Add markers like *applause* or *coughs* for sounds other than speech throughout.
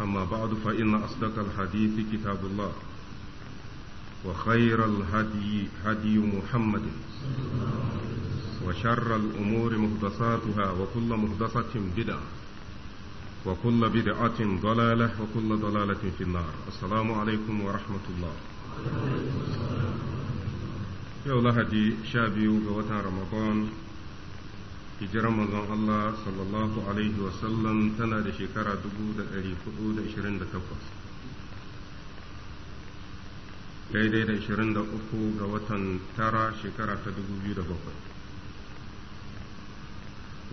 أما بعد فإن أصدق الحديث كتاب الله وخير الهدي هدي محمد وشر الأمور محدثاتها وكل محدثة بدعة وكل بدعة ضلالة وكل ضلالة في النار السلام عليكم ورحمة الله يا الله شابي وقوة رمضان hijirar manzon Allah sallallahu alaihi wasallam tana da shekara 428 daidai da 23 ga watan tara shekara ta 2007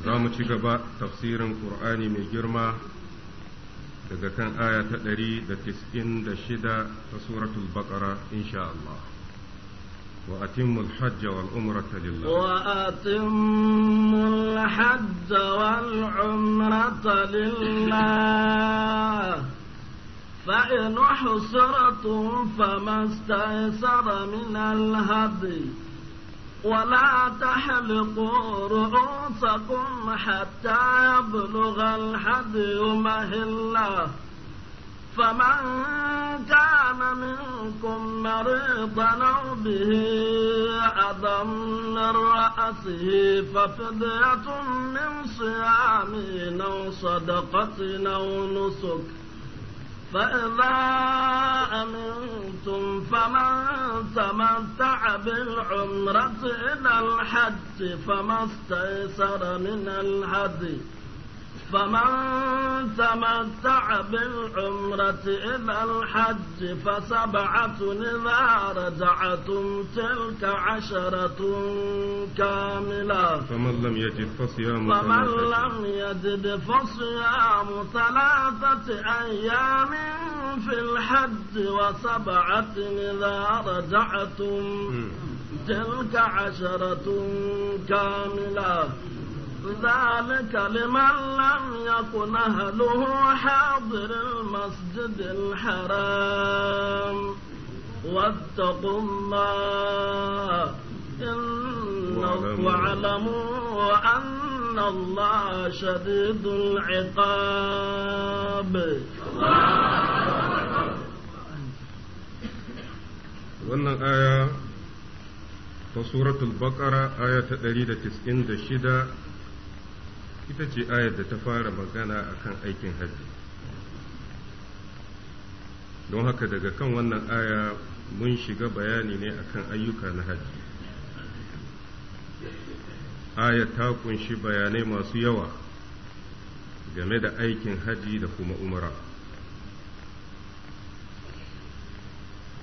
za mu ci gaba tafsirin ƙur'ani mai girma daga kan aya ta 196 ta suratul baqara insha Allah وأتموا الحج والعمرة لله وأتموا الحج والعمرة لله فإن حصرتم فما استيسر من الهدي ولا تحلقوا رؤوسكم حتى يبلغ الحدي مهله فمن كان منكم مريضا أو به أذى من رأسه ففدية من صيام أو صدقة أو نسك فإذا أمنتم فمن تمتع بالعمرة إلى الحج فما استيسر من الهدي فمن تمتع بالعمرة إلى الحج فسبعة إذا رجعتم تلك عشرة كاملة فمن لم يجد فصيام فمن لم يجد فصيام ثلاثة أيام في الحج وسبعة إذا رجعتم تلك عشرة كاملة ذلك لمن لم يكن أهله حاضر المسجد الحرام واتقوا الله إن واعلموا أن الله شديد العقاب wannan aya ta suratul baqara aya ta 196 ita ce ayar da ta fara magana akan aikin hajji don haka daga kan wannan aya mun shiga bayani ne akan ayyuka na hajji aya ta kunshi bayanai masu yawa game da aikin hajji da kuma umara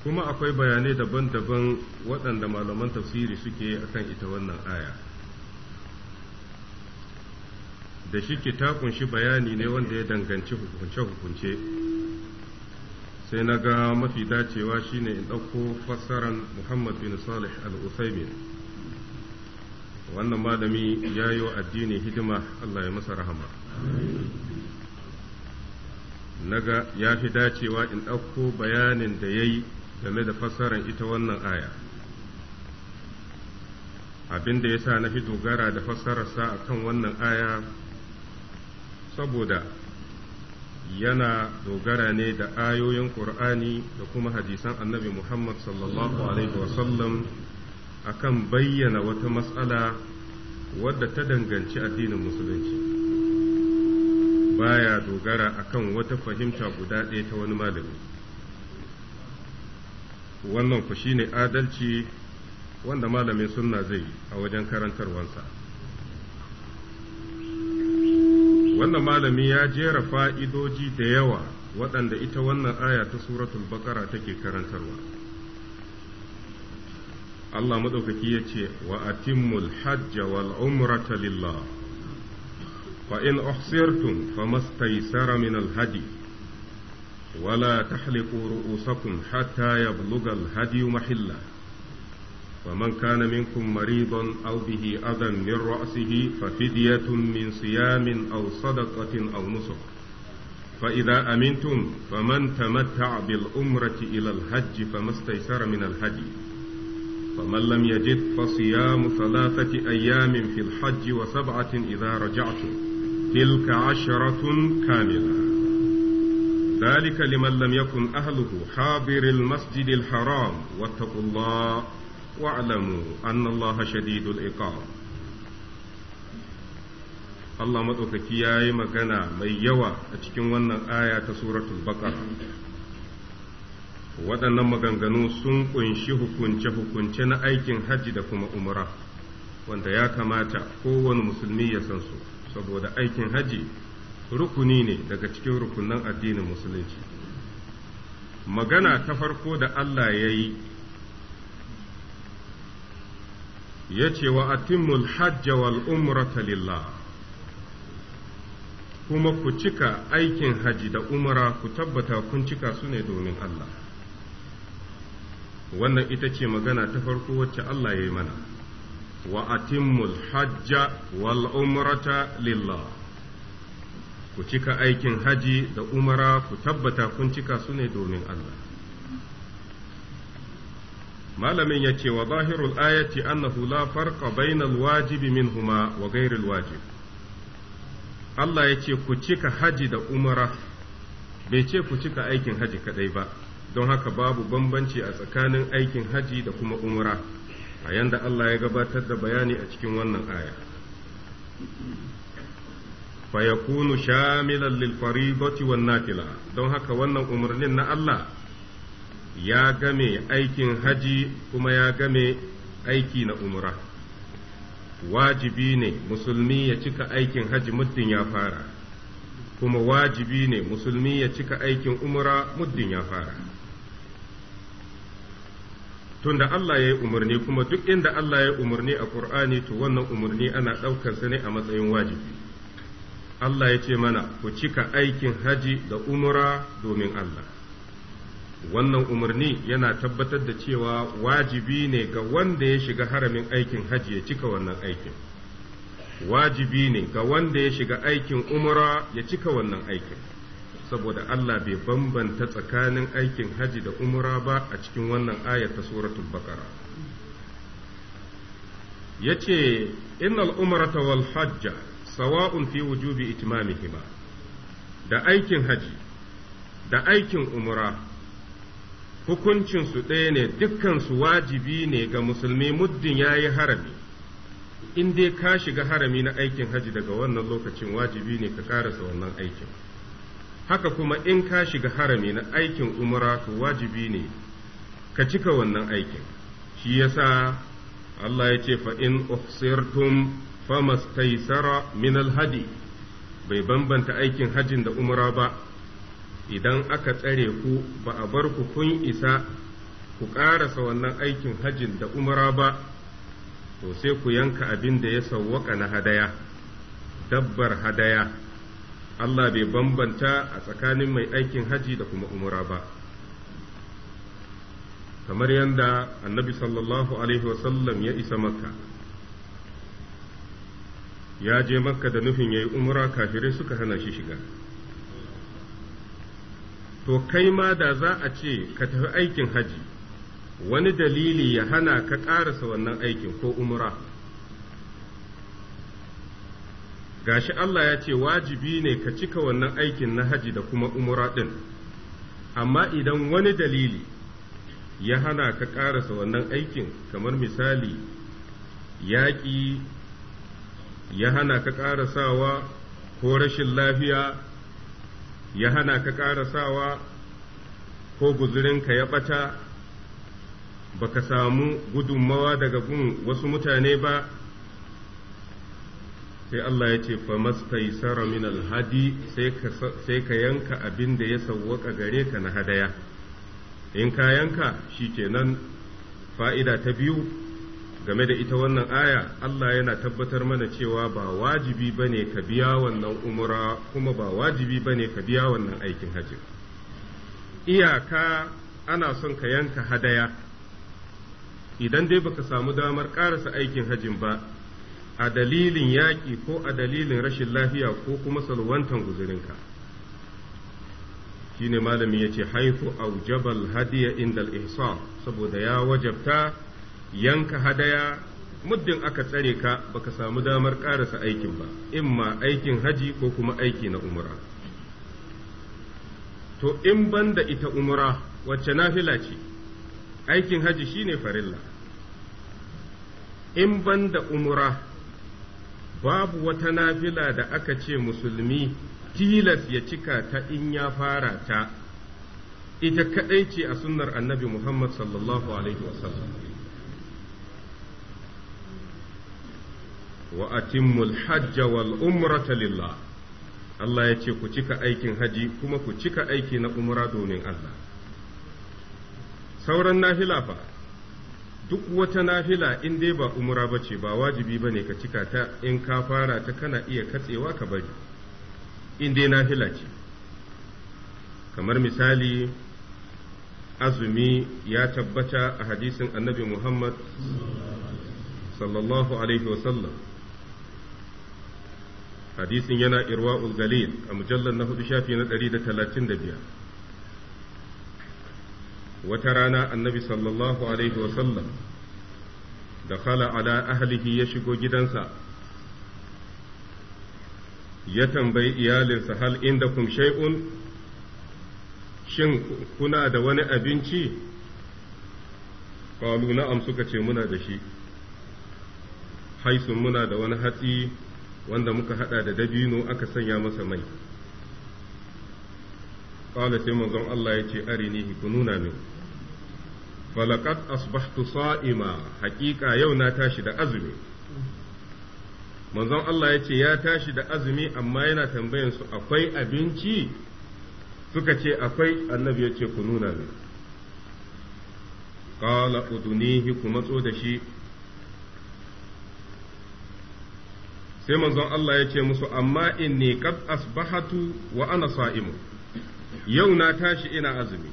kuma akwai bayanai daban-daban waɗanda malaman tafsiri suke akan ita wannan aya da shi ke ta kunshi bayani ne wanda ya danganci hukunce-hukunce sai na ga mafi dacewa shine in ɗauko fassaran muhammad bin salih al-usaimin wannan malami ya yi wa addini hidima allah ya masa rahama ga ya fi dacewa in ɗauko bayanin da ya yi game da fassaran ita wannan aya abin da ya sa na fi dogara da fassararsa akan wannan aya saboda yana dogara ne da ayoyin ƙur'ani da kuma hadisan annabi Muhammad sallallahu Alaihi wasallam a kan bayyana wata matsala wadda ta danganci addinin musulunci baya dogara akan wata fahimta guda ɗaya ta wani malami wannan ku ne adalci wanda malamin sunna zai yi a wajen karantarwansa. wannan malami ya jera fa'idoji da yawa waɗanda ita wannan aya ta suratul baƙara take karantarwa Allah maɗaukaki ya ce wa atimmul hajja wal umrata lillah fa in uhsirtum famastaysara min al hadi wala tahliqu ru'usakum hatta yablugha al hadi mahillah ومن كان منكم مريضا أو به أذى من رأسه ففدية من صيام أو صدقة أو نسك فإذا أمنتم فمن تمتع بالأمرة إلى الحج فما استيسر من الهدي فمن لم يجد فصيام ثلاثة أيام في الحج وسبعة إذا رجعتم تلك عشرة كاملة ذلك لمن لم يكن أهله حاضر المسجد الحرام واتقوا الله واعلموا أن الله شديد العقاب Allah maɗaukaki ya yi magana mai yawa a cikin wannan aya ta suratul baqara waɗannan maganganu sun ƙunshi hukunce-hukunce na aikin hajji da kuma umra wanda ya kamata kowane musulmi ya san su saboda aikin hajji rukuni ne daga cikin rukunan addinin musulunci magana ta farko da Allah ya yi ya ce wa atimul hajja wal umrata lillah kuma ku cika aikin haji da umara ku tabbata kun cika su ne domin Allah wannan ita ce magana ta farko wacce Allah ya yi mana wa atimul hajja wal umrata lillah ku cika aikin haji da umara ku tabbata kun cika su ne domin Allah malamin ya ce wa zahirul ayati annahu la farqa bainal wajibi minhuma wa ghairil wajib Allah ya ce ku cika haji da umara bai ce ku cika aikin haji kadai ba don haka babu bambanci a tsakanin aikin haji da kuma umara a yanda Allah ya gabatar da bayani a cikin wannan aya fayakunu shamilan lil faridati wan nafila don haka wannan umarnin na Allah ya game aikin haji kuma ya game aiki na umra wajibi ne musulmi ya cika aikin haji muddin ya fara kuma wajibi ne musulmi ya cika aikin umra muddin ya fara tunda Allah ya yi umarni kuma duk inda Allah ya yi umarni a Kur'ani to wannan umarni ana ɗaukarsa ne a matsayin wajibi Allah ya ce mana ku cika aikin haji da umra domin Allah wannan umarni yana tabbatar da cewa wajibi ne ga wanda ya shiga haramin aikin hajji ya cika wannan aikin wajibi ne ga wanda ya shiga aikin umara ya cika wannan aikin saboda Allah bai bambanta tsakanin aikin hajji da umara ba a cikin wannan ayar ta suratul baqara yace innal umrata wal hajja sawa'un fi wujubi itmamihima da aikin hajji da aikin umara. hukuncinsu ɗaya ne dukkansu wajibi ne ga musulmi muddin ya yi harami in dai ka shiga harami na aikin haji daga wannan lokacin wajibi ne ka ƙarasa wannan aikin haka kuma in ka shiga harami na aikin umra to wajibi ne ka cika wannan aikin shi yasa Allah ya ce fa in uhsirtum famastaysara min alhadi bai bambanta aikin hajin da umra ba idan aka tsare ku ba a bar ku kun isa ku ƙarasa wannan aikin hajin da umara ba to sai ku yanka abin da ya sauwaka na hadaya dabbar hadaya Allah bai bambanta a tsakanin mai aikin haji da kuma umura ba kamar yadda annabi sallallahu alaihi wasallam ya isa makka ya je makka da nufin ya yi umura kafirai suka hana shi shiga to kai ma da za a ce ka tafi aikin haji wani dalili ya hana ka ƙarasa wannan aikin ko umra gashi Allah ya ce wajibi ne ka cika wannan aikin na haji da kuma umra ɗin amma idan wani dalili ya hana ka ƙarasa wannan aikin kamar misali yaƙi ya hana ka ƙarasawa ko rashin lafiya ya hana ka ƙarasawa ko guzurinka ya ɓata baka samu gudunmawa daga gun wasu mutane ba sai Allah ya ce famastaisara min alhadi sai ka yanka abin da ya sawwaka gare ka na hadaya in ka yanka shi kenan fa'ida ta biyu game da ita wannan aya Allah yana tabbatar mana cewa ba wajibi bane ka biya wannan umra kuma ba wajibi bane ka biya wannan aikin hajji iyaka ana son ka yanka hadaya idan dai baka samu damar karasa aikin hajjin ba a dalilin yaƙi ko a dalilin rashin lafiya ko kuma salwantan guzurinka shine malami yace haifu aujabal hadiya indal ihsan saboda ya wajabta yanka hadaya muddin aka tsare ka baka samu damar ƙarasa aikin ba imma aikin haji ko kuma aiki na umra to in banda ita umra wacce nafila ce aikin haji shine farilla in banda umra babu wata nafila da aka ce musulmi tilas ya cika ta in ya fara ta ita kadai ce a sunnar annabi Muhammad sallallahu alaihi wasallam wa atimmul hajja wal umrata lillah Allah ya ce ku cika aikin haji kuma ku cika aiki na umra domin Allah sauran nafila fa duk wata nafila in dai ba umra bace ba wajibi ba ne ka cika ta in ka fara ta kana iya katsewa ka bari in dai nafila ce kamar misali azumi ya tabbata a hadisin annabi Muhammad sallallahu alaihi wasallam hadisin yana irwa ulgalil a mujallar na hudu shafi na ɗari da talatin da biyar wata rana annabi sallallahu alaihi wasallam da khala ala ahlihi ya shigo gidansa ya tambayi iyalinsa hal inda kum shay'un shin kuna da wani abinci qalu na'am suka ce muna da shi haisun muna da wani hatsi wanda muka hada da dabino aka sanya masa mai qala sai manzon Allah yace arinihi ku nuna min falaqad asbahtu sa'ima haqiqa yau na tashi da azumi manzon Allah yace ya tashi da azumi amma yana tambayan su akwai abinci suka ce akwai annabi yace ku nuna min qala udunihi ku matso da shi sai manzon Allah ya ce musu amma inni qad asbahatu wa ana Sa'imu yau na tashi ina azumi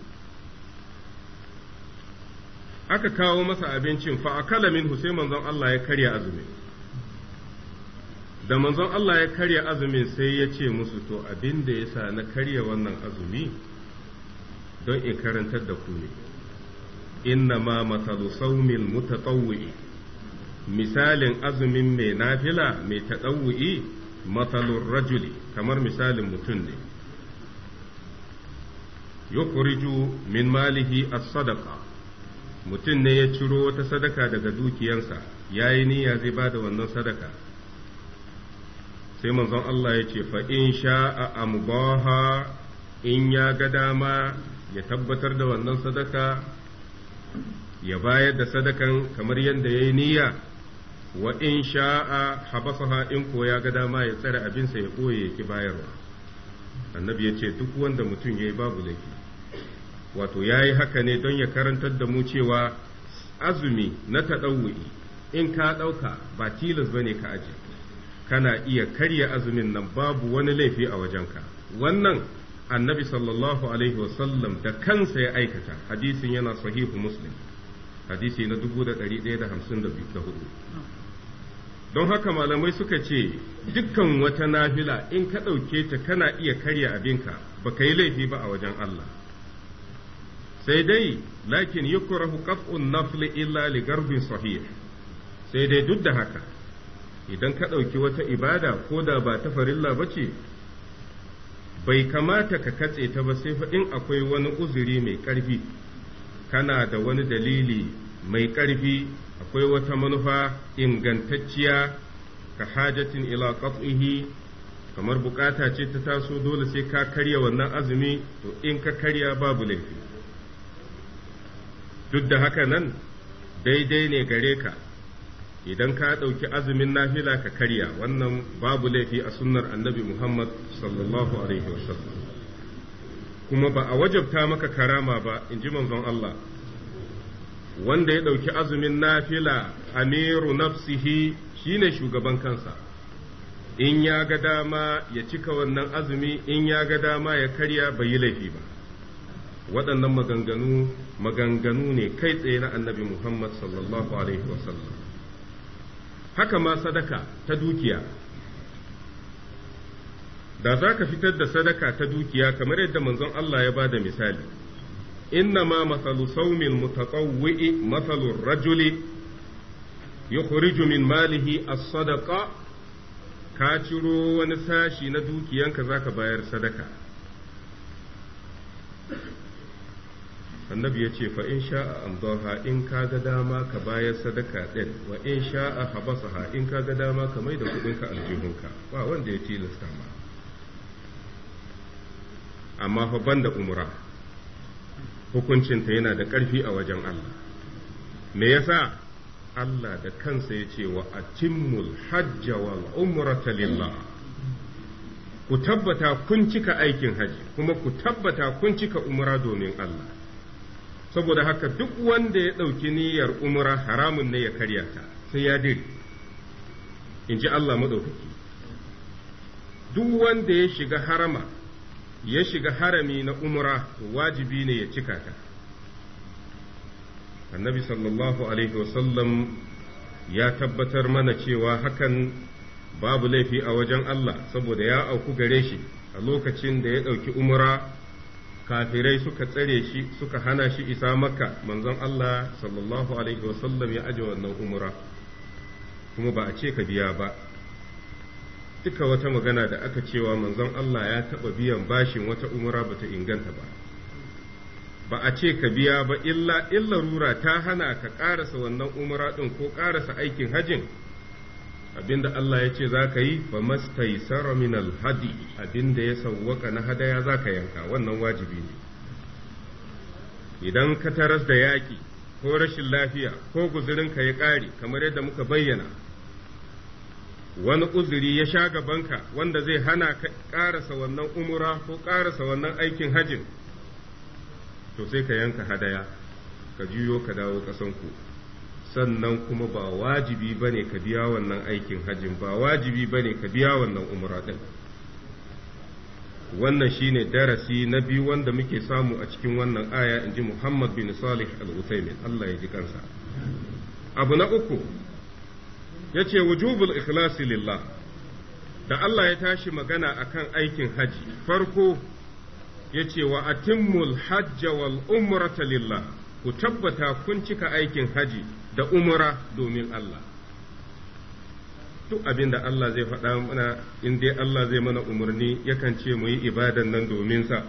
aka kawo masa abincin fa akala minhu sai manzon Allah ya karya azumi da manzon Allah ya karya azumin sai ya ce musu to abin da yasa na karya wannan azumi don in karantar da ku ne inna ma matsalu sawmil mutatawwi'i misalin azumin mai nafila mai taɗawu'i matsalin rajuli kamar misalin mutum ne yukuriju min malihi as sadaka, mutum ne ya ciro wata sadaka daga dukiyarsa ya yi niyya zai bada wannan sadaka sai manzon Allah ya ce fa'in sha'a ambaha in ya ga dama ya tabbatar da wannan sadaka ya bayar da sadakan kamar yadda ya yi niyya wa in sha'a habasaha in ko ya ga dama ya tsare abinsa ya koye ya ki bayarwa annabi ya ce duk wanda mutum ya yi babu laifi wato ya yi haka ne don ya karantar da mu cewa azumi na taɗawu'i in ka ɗauka ba tilas ba ne ka aji. kana iya karya azumin nan babu wani laifi a wajenka wannan annabi sallallahu alaihi wasallam da kansa ya aikata hadisin yana sahihu muslim hadisi na 1154 don haka malamai suka ce dukkan wata nafila in ka ɗauke ta kana iya karya abinka ba ka yi laifi ba a wajen Allah sai dai lakin yi yukrahu ƙaf'un nafli illa li garbin sahih sai dai duk da haka idan ka ɗauki wata ibada ko da ba ta farilla ba ce bai kamata ka katse ta ba sai in akwai wani uzuri mai ƙarfi kana da wani dalili mai ƙarfi akwai wata manufa ingantacciya ka hajatin ila qat'ihi kamar bukata ce ta taso dole sai ka karya wannan azumi to in ka karya babu laifi duk da haka nan daidai ne gare ka idan ka ɗauki azumin nafila ka karya wannan babu laifi a sunnar annabi Muhammad sallallahu alaihi wasallam kuma ba a wajabta maka karama ba in ji manzon Allah wanda ya ɗauki azumin nafila amiru nafsihi shine shugaban kansa in ya ga dama ya cika wannan azumi in ya ga dama ya karya bai yi laifi ba waɗannan maganganu maganganu ne kai tsaye na annabi muhammad sallallahu alaihi wasallam haka ma sadaka ta dukiya da za ka fitar da sadaka ta dukiya kamar yadda manzon Allah ya ba da misali إنما مثل صوم المتطوع مثل الرجل يخرج من ماله الصدقة ka ciro wani sashi na dukiyanka za ka bayar sadaka annabi ya ce fa in sha'a amdaha in ka ga dama ka bayar sadaka din wa in sha'a habasaha in ka ga dama ka mai da kuɗinka aljihunka ba wanda ya tilasta ma amma fa banda umra hukuncinta yana da ƙarfi a wajen Allah me yasa Allah da kansa ya ce wa atimmul hajja wal umrata lillah ku tabbata kun cika aikin haji kuma ku tabbata kun cika umra domin Allah saboda haka duk wanda ya ɗauki niyyar umra haramun ne ya karya ta sai ya dire in ji Allah maɗaukaki duk wanda ya shiga harama ya shiga harami na umra wajibi ne ya cika ta annabi sallallahu alaihi wasallam ya tabbatar mana cewa hakan babu laifi a wajen Allah saboda ya auku gare shi a lokacin da ya ɗauki umra kafirai suka tsare shi suka hana shi isa makka manzon Allah sallallahu alaihi wasallam ya aje wannan umra kuma ba a ce ka biya ba duka wata magana da aka cewa manzon Allah ya taɓa biyan bashin wata ba ta inganta ba ba a ce ka biya ba illa illarura ta hana ka ƙarasa wannan umara ɗin ko ƙarasa aikin hajin abinda Allah ya ce za ka yi ba mastaisara min alhadi abinda ya sauwaƙa na hadaya za ka yanka wannan wajibi ne idan ka taras da yaƙi ko rashin lafiya ko guzurinka ya ƙare kamar yadda muka bayyana wani uzuri ya sha gabanka wanda zai hana ka ƙarasa wannan umura ko ƙarasa wannan aikin hajjin to sai ka yanka hadaya ka juyo ka dawo ƙasanku sannan kuma ba wajibi ba ne ka biya wannan aikin hajin ba wajibi ba ne ka biya wannan umura ɗin wannan shine darasi na biyu wanda muke samu a cikin wannan aya in ji muhammad bin salih al-usaimin allah ya ji kansa abu na uku yace wujubul ikhlasi lillah da Allah ya tashi magana akan aikin haji farko yace wa atimmul hajja wal umrata lillah ku tabbata kun cika aikin haji da umra domin Allah duk abin da Allah zai faɗa mana in dai Allah zai mana umarni yakan ce mu yi ibadan nan domin sa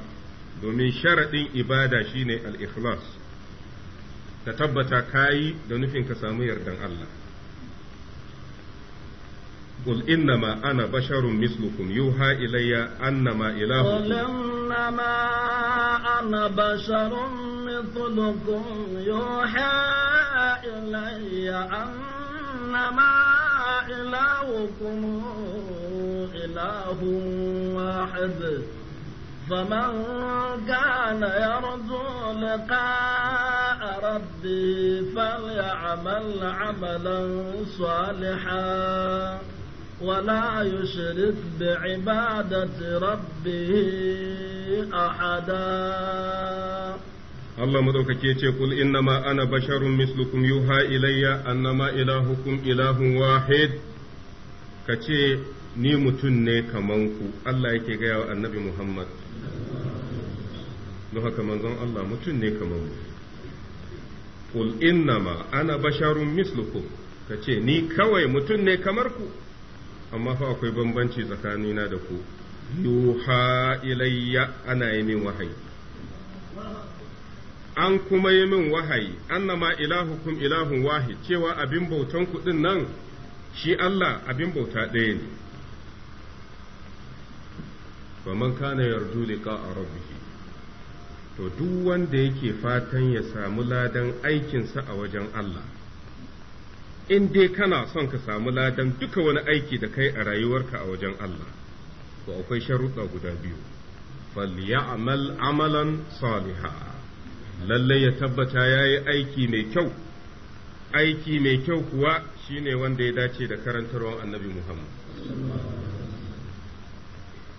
domin sharaɗin ibada shine al-ikhlas ka tabbata kayi da nufin ka samu yardan Allah قل إنما أنا بشر مثلكم يوحى إلي أنما إلهكم قل إنما أنا بشر مثلكم يوحى إلي أنما إلهكم إله واحد فمن كان يرجو لقاء ربي فليعمل عملا صالحا ولا يشرك بعبادة ربه أحدا Allah madaukake ce kul innama ana basharun mislukum yuha ilayya annama ilahukum ilahun wahid ka ce ni mutum ne kaman ku Allah yake gaya wa annabi Muhammad don haka manzon Allah mutum ne kaman mu kul innama ana basharun mislukum ka ce ni kawai mutum ne kamar ku amma fa akwai bambanci tsakanina da ku yuha ilayya ana yi min wahayi an kuma yi min wahayi annama ilahukum ilahun wahid cewa abin bautan kuɗin nan shi Allah abin bauta ɗaya ne man kana yardu liqa rabbihi to duk wanda yake fatan ya samu ladan aikinsa a wajen Allah in dai kana son ka samu ladan duka wani aiki da kai a rayuwarka a wajen Allah to akwai sharuɗa guda biyu falyamal amalan saliha lalle ya tabbata yayi aiki mai kyau aiki mai kyau kuwa shine wanda ya dace da karantarwar annabi Muhammad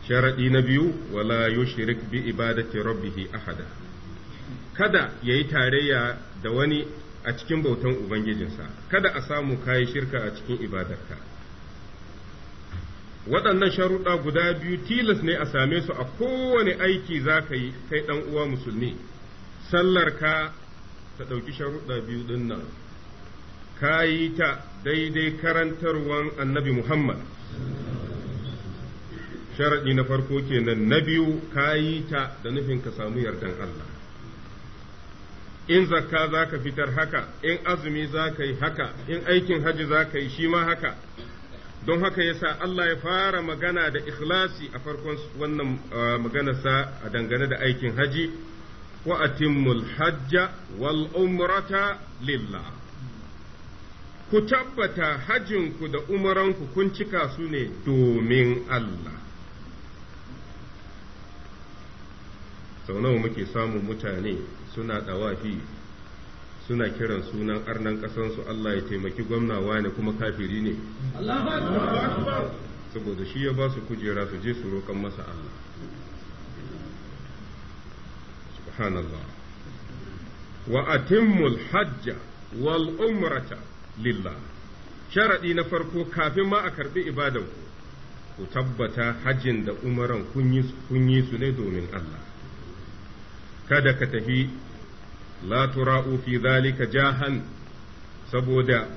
sharaɗi na biyu wala yushrik bi ibadati rabbih ahada kada yayi tarayya da wani a cikin bautan Ubangijinsa, kada a samu kayi shirka a cikin ibadarka. Waɗannan sharuɗa guda biyu tilas ne a same su a kowane aiki za ka yi kai ɗan uwa musulmi, sallarka ta ɗauki sharuɗa biyu ɗin nan, ka yi ta daidai karantarwan annabi Muhammad. Sharaɗi na farko kenan na biyu ka yi ta da nufin ka samu yardan Allah. in zakka za ka fitar haka in azumi za ka yi haka in aikin haji za ka yi shi ma haka don haka ya sa Allah ya fara magana da ikhlasi a farkon wannan maganarsa a dangane da aikin haji wa atimul hajja wal umrata lillah ku tabbata hajinku da umaranku kun cika su ne domin Allah sau nawa muke samun mutane suna dawafi suna kiran sunan arnan ƙasansu Allah ya taimaki gwamnawa ne kuma kafiri ne saboda shi ya ba su kujera su je su roƙon masa Allah subhanallah wa atimmul hajja wal umrata lillah sharadi na farko kafin ma a karbi ibadan ku tabbata hajjin da umaran kun yi su ne domin Allah kada ka tafi la tura'u fi zalika jahan saboda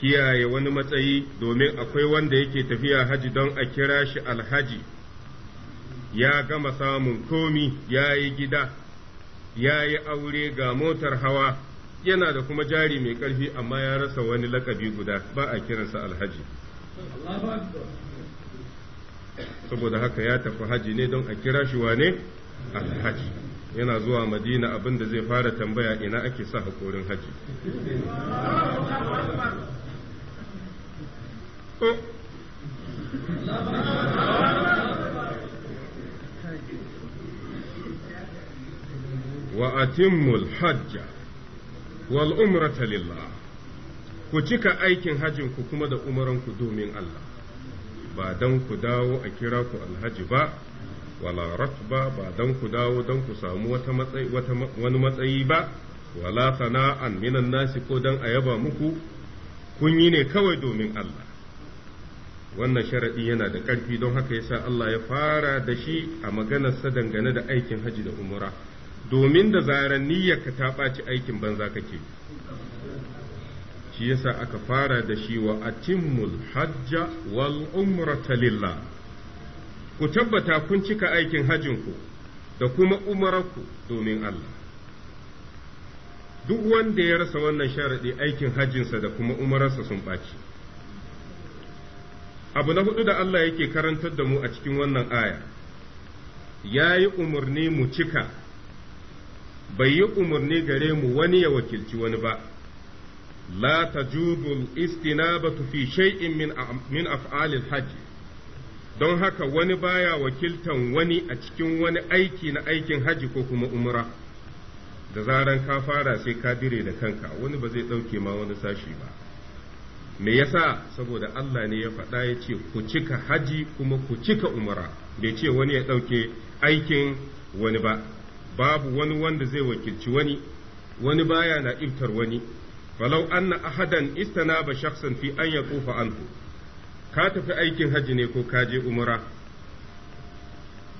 kiyaye wani matsayi domin akwai wanda yake tafiya haji don a kira shi alhaji ya gama samun komi ya yi gida ya yi aure ga motar hawa yana da kuma jari mai ƙarfi amma ya rasa wani lakabi guda ba a kiransa alhaji saboda haka ya tafi haji ne don a kira shi wane alhaji yana zuwa madina abin da zai fara tambaya ina ake sa haƙorin haji wa atimul hajja wal umrata lillah ku cika aikin hajin ku kuma da umaranku domin Allah ba don ku dawo a kira ku alhaji ba wala ratba ba don ku dawo don ku samu wata matsayi wani matsayi ba wala sana'an minan nasi ko dan a yaba muku kun yi ne kawai domin Allah wannan sharaɗi yana da ƙarfi don haka yasa Allah ya fara da shi a sa dangane da aikin haji da umura domin da zarar niyyarka ta ɓaci aikin banza kake shi yasa aka fara da shi wa atimul hajja wal umrata lillah ku tabbata kun cika aikin hajjinku da kuma umararku domin Allah. Duk wanda ya rasa wannan sharaɗi aikin hajjinsa da kuma umararsa sun ɓaci. Abu na hudu da Allah yake karantar da mu a cikin wannan aya, ya yi umarni mu cika, bai yi umarni gare mu wani ya wakilci wani ba. La ta istinabatu fi shay'in min af'alil hajji. don haka wani baya wakiltan wani a cikin wani aiki na aikin haji ko kuma umra da zaran ka fara sai ka dire da kanka wani ba zai ɗauke ma wani sashi ba me yasa saboda Allah ne ya faɗa ya ce ku cika haji kuma ku cika umra bai ce wani ya ɗauke aikin wani ba babu wani wanda zai wakilci wani wani baya na ibtar wani falau anna ahadan ba shakhsan fi an yaqufa anhu ka tafi aikin hajji ne ko ka je umura?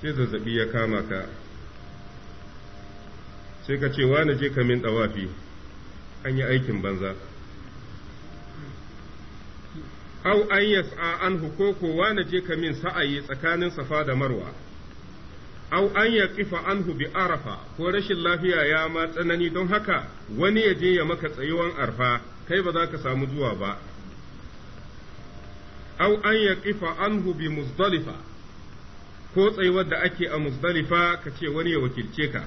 sai zazzabi ya kama ka sai ka ce wani je kamin ɗawafi an yi aikin banza au an a an hukoko wani je kamin sa'ayi tsakanin safa da marwa au an ya kifa anhu bi arafa ko rashin lafiya ya ma tsanani don haka wani ya je ya maka tsayuwan arfa kai ba za ka samu zuwa ba au an ya ƙifa anhu bi muzdalifa ko tsayuwar da ake a muzdalifa ka ce wani ya wakilce ka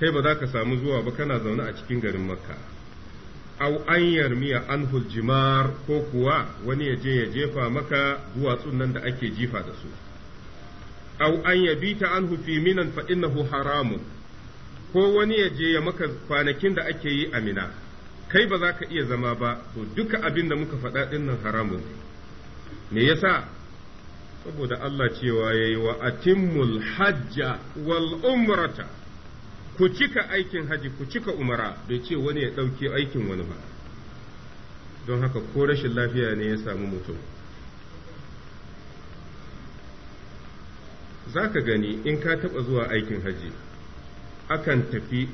kai ba za ka samu zuwa ba kana zaune a cikin garin makka au an yarmiya anhu jimar ko kuwa wani ya je ya jefa maka duwatsun nan da ake jifa da su au an yabita anhu fi minan fa innahu haramun ko wani ya je ya maka kwanakin da ake yi a kai ba za ka iya zama ba to duka abin da muka faɗa nan haramun me yasa saboda Allah cewa yayi wa atimmul hajja wal umrata ku cika aikin haji ku cika umara bai ce wani ya ɗauke aikin wani ba don haka ko rashin lafiya ne ya samu mutum za ka gani in ka taɓa zuwa aikin haji akan tafi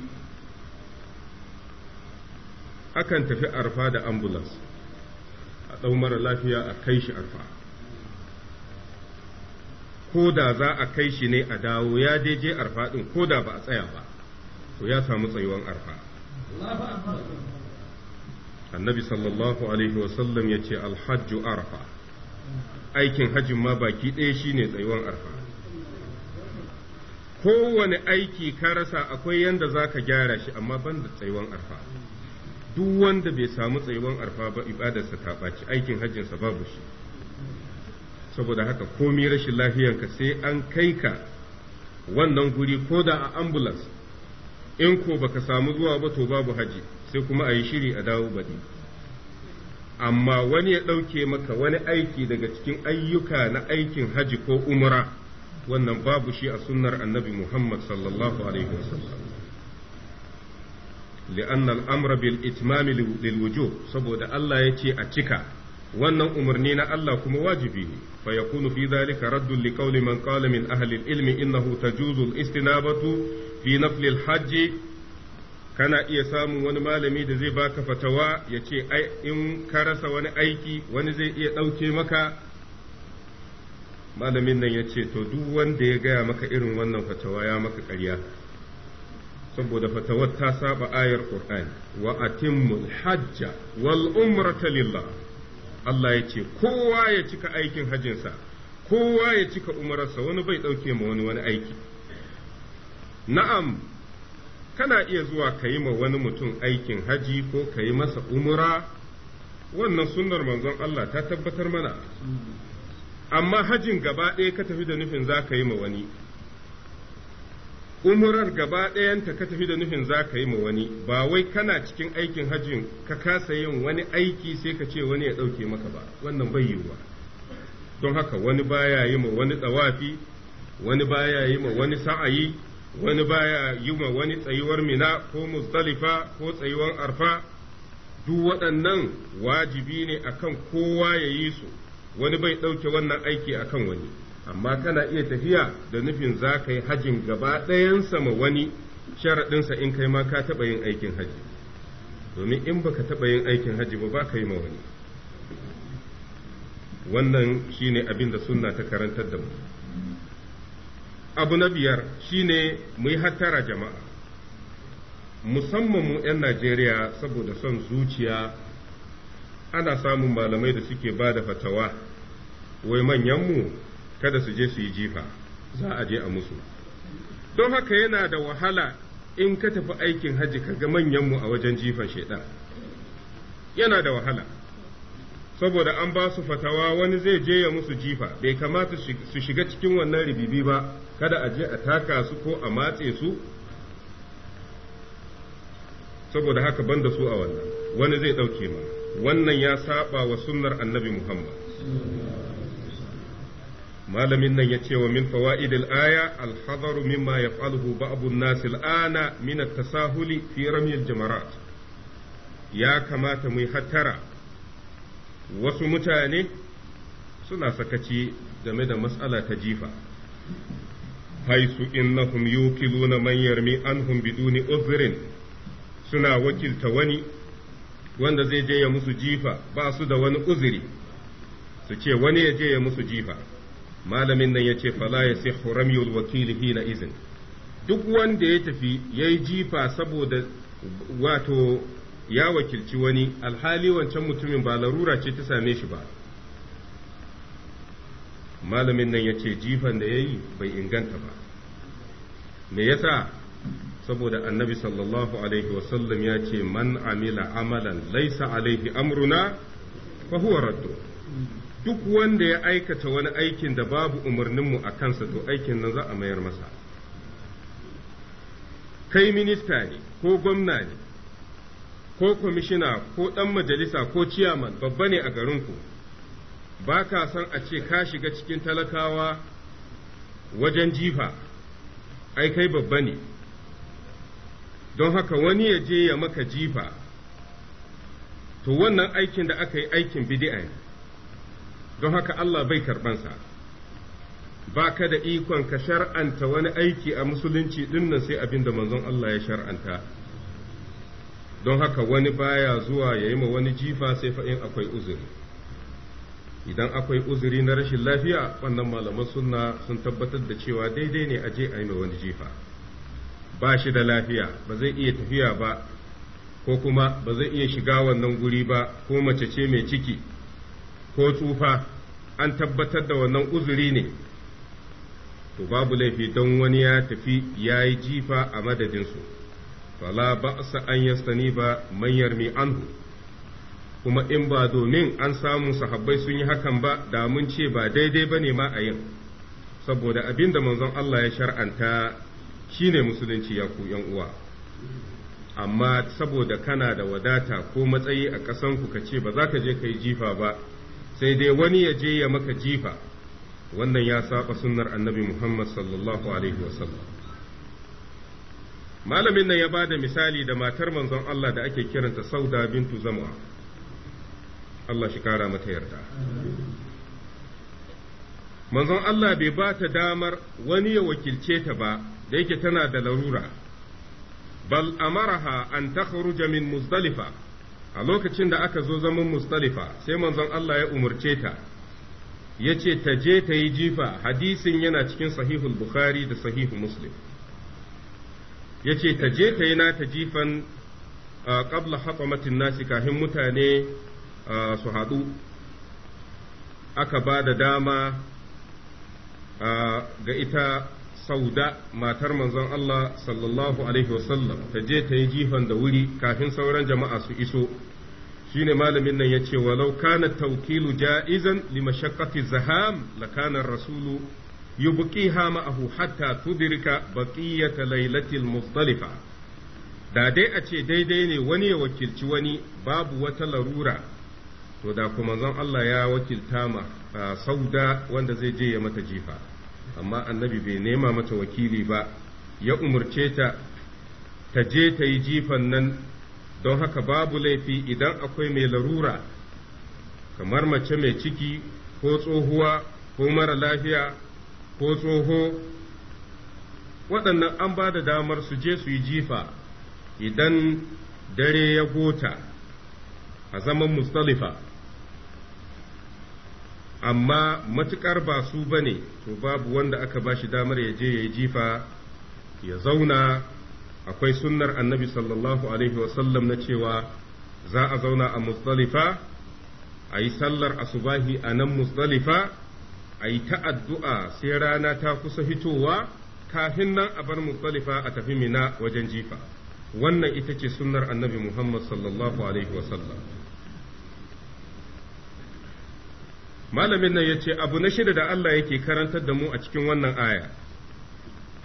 akan tafi arfa da ambulance a ɗau mara lafiya a kai shi arfa ko da za a kai shi ne a dawo ya je arfa ɗin ko da ba a tsaya ba to ya samu tsayuwan arfa annabi sallallahu alaihi wasallam ya ce alhajju arfa aikin hajjin ma baki ɗaya shine tsayuwan arfa kowane aiki ka rasa akwai yanda za ka gyara shi amma ban da tsayuwan arfa duk wanda bai samu tsayuwar arfa ba ibadarsa ta ɓaci aikin hajjinsa babu shi saboda haka komi rashin lafiyar ka sai an kai ka wannan guri ko da a ambulance in ko baka samu zuwa ba to babu haji sai kuma a yi shiri a dawo baɗi amma wani ya ɗauke maka wani aiki daga cikin ayyuka na aikin haji ko umra wannan babu shi a sunnar annabi muhammad sallallahu alaihi wasallam amra لأن الأمر بالإتمام للوجوب سبود الله a cika wannan umarni na Allah kuma wajibi ne fa ya kunu fi zalika raddu li qawli man qala min ahli al-ilm innahu tajuzu al-istinabatu fi nafl al-hajj kana iya samun wani malami da zai baka fatawa yace ai in ka rasa wani aiki wani zai iya ɗauke maka malamin nan yace to duk wanda ya gaya maka irin wannan fatawa ya maka ƙarya saboda fatawar ta saba ayar Qur'ani wa atimmul hajja wal umrata lillah Allah ya ce kowa ya cika aikin hajjinsa kowa ya cika umararsa wani bai ɗauke ma wani wani aiki na'am kana iya zuwa ka yi ma wani mutum aikin haji ko ka yi masa umura wannan sunnar manzon Allah ta tabbatar mana amma hajin gaba ɗaya ka tafi da nufin za ka yi ma wani umurar gaba ɗayanta ka tafi da nufin za ka yi ma wani ba wai kana cikin aikin hajjin ka kasa yin wani aiki sai ka ce wani ya ɗauke maka ba wannan bai yiwuwa don haka wani baya yi ma wani tsawafi wani baya yi ma wani sa'ayi wani baya yi ma wani tsayuwar mina ko muzdalifa ko tsayuwar arfa duk waɗannan wajibi ne akan kowa ya yi su wani bai ɗauke wannan aiki akan wani amma kana iya tafiya da nufin za ka yi hajin gaba ɗayan sama wani sharaɗinsa in kai ma ka taɓa yin aikin haji domin in baka taɓa yin aikin haji ba ba ka yi ma wani wannan ne abin da sunna ta karantar da mu abu na biyar shi ne mu yi hattara jama'a musamman mu 'yan Najeriya saboda son zuciya ana samun malamai da suke ba da fatawa wai manyanmu kada su je su yi jifa za a je a musu don haka yana da wahala in ka tafi aikin hajji ka ga manyanmu a wajen jifan shaidan yana da wahala saboda an ba su fatawa wani zai je ya musu jifa bai kamata su shiga cikin wannan ribibi ba kada a je a taka su ko a matse su saboda haka banda su a wannan wani zai ɗauke ma wannan ya saba wa sunnar annabi muhammad malamin nan ya ce wa min fawaidil aya alhadaru mimma yaf'aluhu ba'd an-nas al'ana min at-tasahuli fi ramyil jamarat ya kamata mu hattara wasu mutane suna sakaci game da mas'ala ta jifa haisu innahum yukiluna man yarmi anhum biduni uzrin suna wakilta wani wanda zai je ya musu jifa ba su da wani uzuri su ce wani ya je ya musu jifa malamin nan ya ce fala ya sai ramyul wakili na izin duk wanda ya tafi ya yi jifa saboda wato ya wakilci wani alhali wancan mutumin ba larura ce ta same shi ba malamin nan ya ce jifan da ya yi bai inganta ba me yasa saboda annabi sallallahu alaihi wasallam ya ce man amila amalan laisa alaihi amruna fa huwa raddu duk wanda ya aikata wani aikin da babu umarninmu a kansa to aikin nan za a mayar masa kai minista ne ko gwamna ne ko kwamishina ko ɗan majalisa ko ciyaman babba ne a garinku ba ka san a ce ka shiga cikin talakawa wajen jifa ai kai babba ne don haka wani ya je ya maka jifa to wannan aikin da aka yi aikin bidi'a ne don haka Allah bai karɓansa ba ka da ikon ka shar'anta wani aiki a musulunci dinnan sai abin da manzon Allah ya shar'anta don haka wani baya zuwa ya yi ma wani jifa sai fa in akwai uzuri idan akwai uzuri na rashin lafiya wannan malaman sunna sun tabbatar da cewa daidai ne a je a yi ma wani jifa ba shi da lafiya ba zai iya tafiya ba ko kuma ba zai iya shiga wannan guri ba ko mace ce mai ciki ko tsufa an tabbatar da wannan uzuri ne to babu laifi don wani ya tafi ya yi jifa a madadinsu fala sa an yastani ba manyar yarmi anhu kuma in ba domin an samu sahabbai sun yi hakan ba da mun ce ba daidai ba ne ma a yin saboda abin da manzon Allah ya shar'anta shi ne musulunci ya ku uwa amma saboda kana da wadata ko matsayi a ƙasanku ka ce ba za ka je ka yi jifa ba sai dai wani ya je ya maka jifa wannan ya saba sunnar annabi Muhammad sallallahu alaihi wasallam malamin nan ya ba da misali da matar manzon Allah da ake kiranta sauda bintu zama Allah shi kara mata yarda manzon Allah bai ba ta damar wani ya wakilce ta ba da yake tana da larura bal amaraha an takhruja min muzdalifa a lokacin da aka zo zaman mustalifa sai manzon Allah ya umarce ta yace ce ta je ta yi jifa hadisin yana cikin sahihul bukhari da sahihu muslim Yace ce ta je ta yi nata jifan qabla hatamatin nasi kafin mutane su haɗu aka ba da dama ga ita sauda matar manzon Allah sallallahu alaihi wasallam ta je ta yi jifan da wuri kafin sauran jama'a su iso shine malamin nan yace walau kana tawkilu ja'izan limashaqqati zaham lakana rasulu yubqiha ma'ahu hatta tudrika baqiyata lailatil muzdalifa da dai a ce daidai ne wani ya wakilci wani babu wata larura to da kuma zan Allah ya wakilta ma ah, sauda wanda zai je ya mata jifa amma annabi bai nema mata wakili ba ya umarce ta ta je ta yi jifan nan don haka babu laifi idan akwai mai larura kamar mace mai ciki ko tsohuwa ko mara lafiya ko tsoho waɗannan an ba da damar su je su yi jifa idan dare ya gota a zaman mustalifa amma matuƙar ba su ba ne to babu wanda aka ba shi damar ya je ya jifa ya zauna akwai sunnar annabi sallallahu alaihi wasallam na cewa za a zauna a musdalifa a yi sallar asubahi a nan musdalifa a yi ta'addu'a sai rana ta kusa fitowa kafin nan a bar musdalifa a tafi mina wajen jifa wannan ita ce sunnar annabi muhammad sallallahu alaihi wasallam malamin nan ya ce abu na shida da Allah yake karantar da mu a cikin wannan aya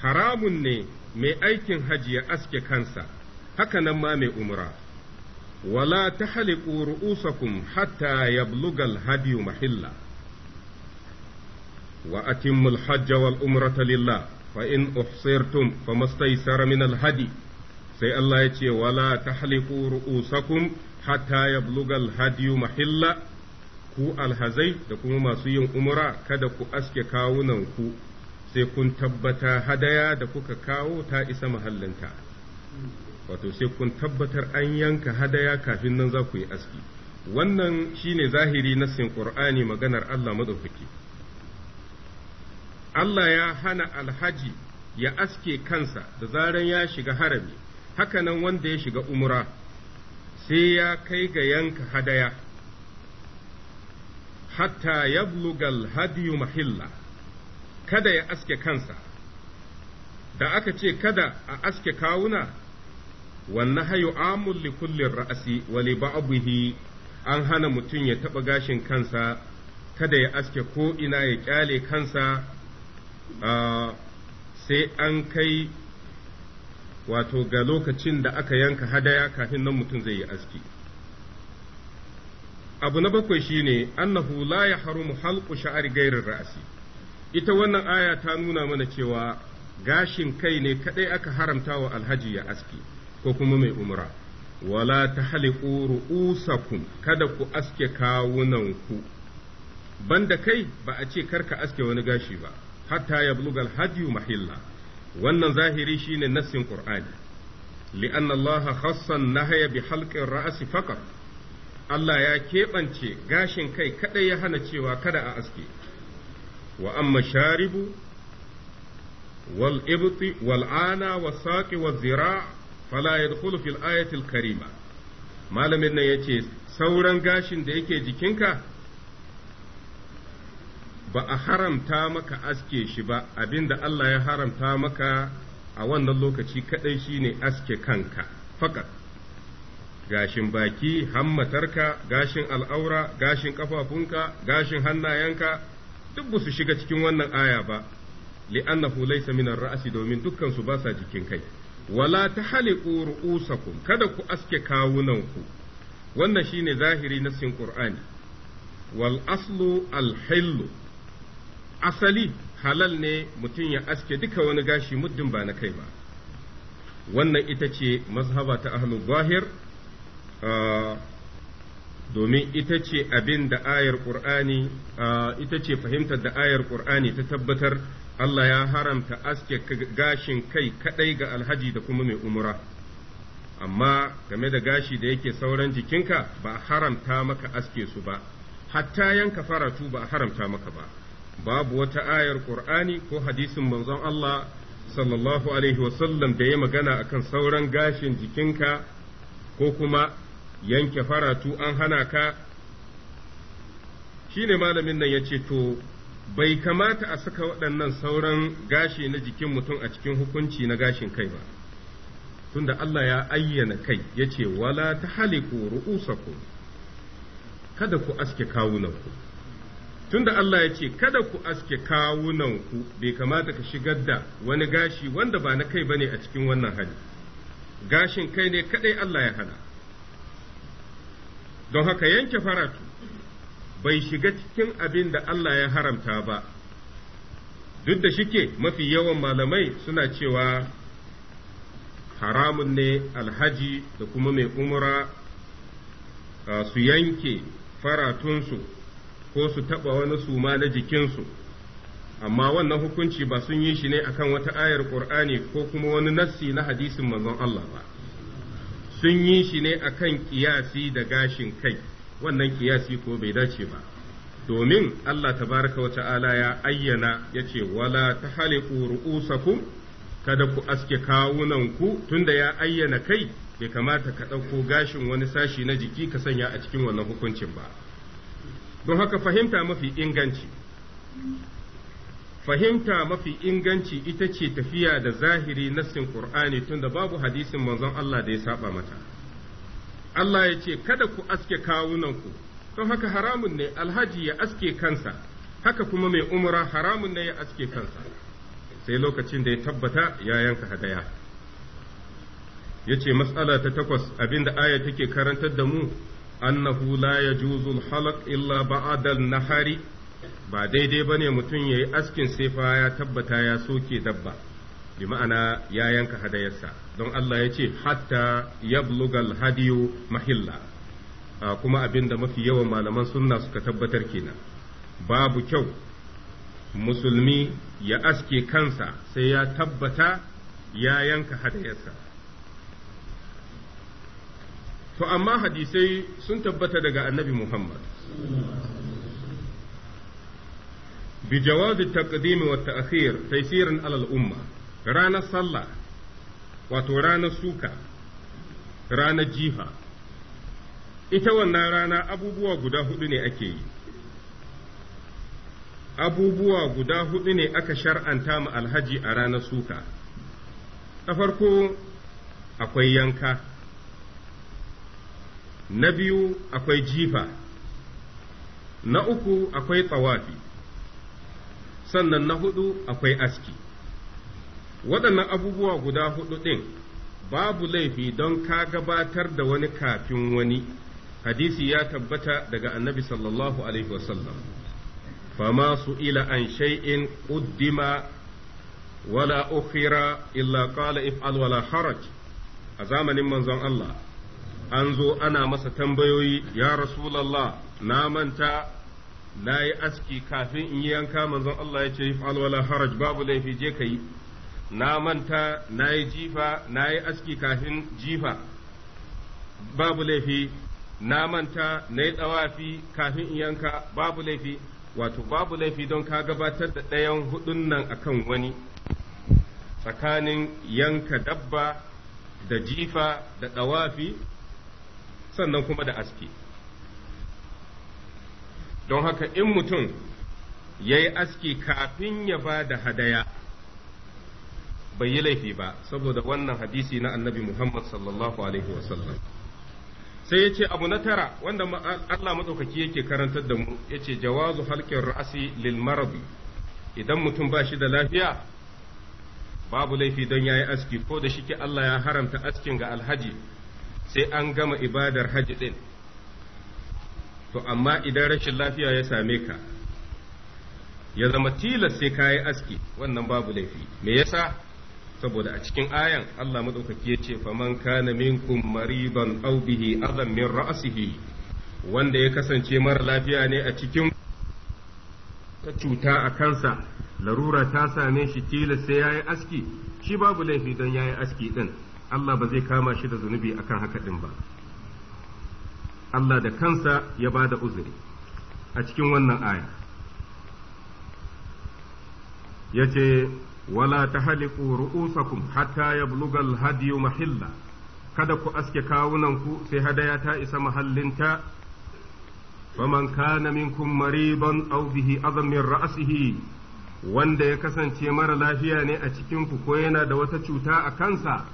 haramun ne mai aikin hajji ya aske kansa haka nan ma mai umra wala ta haliku ru'usakum hatta yablugal hadiyu mahilla wa atimul hajja wal umrata lillah fa in uhsirtum famastaysara min al hadi sai Allah ya ce wala ta haliku ru'usakum hatta yablugal hadiyu mahilla ku alhazai da kuma masu yin umura kada ku aske kawunan ku sai kun tabbata hadaya da kuka kawo ta isa mahallinta wato sai kun tabbatar an yanka hadaya kafin nan za ku yi aski wannan shine zahiri na sin qur'ani maganar Allah madaukaki Allah ya hana alhaji ya aske kansa da zaran ya shiga harami hakanan wanda ya shiga umura sai ya kai ga yanka hadaya hatta yablugal hadiyu mahilla kada ya aske kansa da aka ce kada a aske kawuna wannan hayu amul li kullin ra'asi wa li an hana mutum ya taɓa gashin kansa kada ya aske ko ina ya ƙyale kansa sai an kai wato ga lokacin da aka yanka hadaya kafin nan mutum zai yi aski abu na bakwai shine annahu la haramu halqu sha'ri gairin ra'si ita wannan aya ta nuna mana cewa gashin kai ne kadai aka haramta wa alhaji ya aski ko kuma mai umra wala tahliqu ru'usakum kada ku aske kawunan ku banda kai ba a ce karka aske wani gashi ba hatta ya bulugal mahilla wannan zahiri shine nassin qur'ani li'anna allaha khassan nahaya bi halqin ra'si faqat Allah ya keɓance gashin kai kaɗai ya hana cewa kada a aske, wa amma sharibu, wal ibti wal ana wa saƙi wa zira fala yadkhulu fil ayatil karima malamin nan yace sauran gashin da yake jikinka ba a haramta maka aske shi ba abinda Allah ya haramta maka a wannan lokaci kadai shine aske kanka fakat gashin baki hammatarka gashin al'aura gashin kafafunka gashin hannayenka duk ba shiga cikin wannan aya ba li'annahu laysa min ra'si domin dukkan su ba sa jikin kai wala tahliqu ru'usakum kada ku aske kawunanku wannan shine zahiri na sin qur'ani wal aslu al hillu asali halal ne mutum ya aske duka wani gashi muddin ba na kai ba wannan ita ce mazhaba ta ahlul zahir domin ita ce abin da ayar ƙur'ani ita ce fahimtar da ayar ƙur'ani ta tabbatar Allah ya haramta aske gashin kai kaɗai ga alhaji da kuma mai umura amma game da gashi da yake sauran jikinka ba haramta maka aske su ba hatta yanka faratu ba haramta maka ba babu wata ayar ƙur'ani ko hadisin manzon Allah sallallahu alaihi wasallam da ya magana akan sauran gashin jikinka ko kuma yanke faratu an hana ka shi ne malamin nan ya ce to bai kamata a saka waɗannan sauran gashi na jikin mutum a cikin hukunci na gashin kai ba tunda Allah ya ayyana kai ya ce wala ta haliku ru'usaku kada ku aske kawunanku tunda Allah ya ce kada ku aske kawunanku bai kamata ka shigar da wani gashi wanda ba na kai bane a cikin wannan hali gashin kai ne kadai Allah ya hana don haka yanke faratu bai shiga cikin abin da Allah ya haramta ba duk da shike mafi yawan malamai suna cewa haramun ne alhaji da kuma mai umura su yanke faratunsu ko su taɓa wani suma na jikinsu amma wannan hukunci ba sun yi shi ne akan wata ayar ƙur'ani ko kuma wani nassi na hadisin manzon Allah ba sun yi shi ne a kan kiyasi da gashin kai wannan kiyasi ko bai dace ba domin Allah Ta baraka wa ta'ala ya ayyana ya ce wala ta tahaliqu ku. kada ku aske kawunanku tunda ya ayyana kai bai kamata ka ɗauko gashin wani sashi na jiki ka sanya a cikin wannan hukuncin ba don haka fahimta mafi inganci fahimta mafi inganci ita ce tafiya da zahiri na sin Qur'ani tunda babu hadisin manzon Allah da ya saba mata Allah ya ce kada ku aske kawunanku don haka haramun ne alhaji ya aske kansa haka kuma mai umra haramun ne ya aske kansa sai lokacin da ya tabbata ya yanka hadaya yace matsala ta takwas abinda aya take karantar da mu annahu la yajuzu halaq illa ba'da an-nahari ba daidai ba ne mutum ya yi askin sefa ya tabbata ya soke dabba bi ma'ana ya yanka hadayarsa don Allah ya ce hatta ya blugal hadiyu mahilla kuma abin da mafi yawan malaman sunna suka tabbatar kenan babu kyau musulmi ya aske kansa sai ya tabbata ya yanka hadayarsa to amma hadisai sun tabbata daga annabi Muhammad bi jawabi taqdim wa ta'khir taysiran alal umma ranar sallah wato ranar suka ranar jifa ita wannan rana abubuwa guda hudu ne ake yi abubuwa guda hudu ne aka shar'anta ma alhaji a ranar suka ta farko akwai yanka na biyu akwai jifa na uku akwai tsawafi sannan na hudu akwai aski waɗannan abubuwa guda hudu ɗin babu laifi don ka gabatar da wani kafin wani hadisi ya tabbata daga annabi sallallahu alaihi wasallam fama su ila an shay'in uddima wala ukhira illa qala if'al wala haraj a zamanin manzon Allah an zo ana masa tambayoyi ya rasulallah na manta na yi aski kafin in yi yanka manzon Allah ya ce fa'al wala haraj babu laifi je ka yi na manta na yi jifa na yi aski kafin jifa babu laifi na manta na yi tsawafi kafin in yanka babu laifi wato babu laifi don ka gabatar da ɗayan hudun nan akan wani tsakanin yanka dabba da jifa da tsawafi sannan kuma da aski. don haka in mutum ya yi aski kafin ya ba da hadaya bai yi laifi ba saboda wannan hadisi na annabi Muhammad sallallahu alaihi wasallam sai ya ce abu na tara wanda Allah matsaukaki yake karantar da mu ya ce jawazu halkin ra'asi lil marabi idan mutum ba shi da lafiya babu laifi don ya yi aski ko da shike Allah ya haramta askin ga alhaji sai an gama ibadar haji din to amma idan rashin lafiya ya same ka ya zama tilas sai ka yi aski wannan babu laifi me yasa saboda a cikin ayan Allah madaukaki ya ce faman kana minkum mariban aw bihi adam min ra'sihi wanda ya kasance mara lafiya ne a cikin ta cuta a kansa larura ta same shi tilas sai yayi aski shi babu laifi don yayi aski din Allah ba zai kama shi da zunubi akan haka din ba Allah da kansa ya ba da uzuri a cikin wannan aya ya ce wala ta haliku ru'usakum hatta ya bulugal hadiyu mahilla kada ku aske kawunanku sai hadaya ta isa mahallinta faman kana minkum mariban aw bihi adam min ra'sihi wanda ya kasance mara lafiya ne a cikin ku ko yana da wata cuta a kansa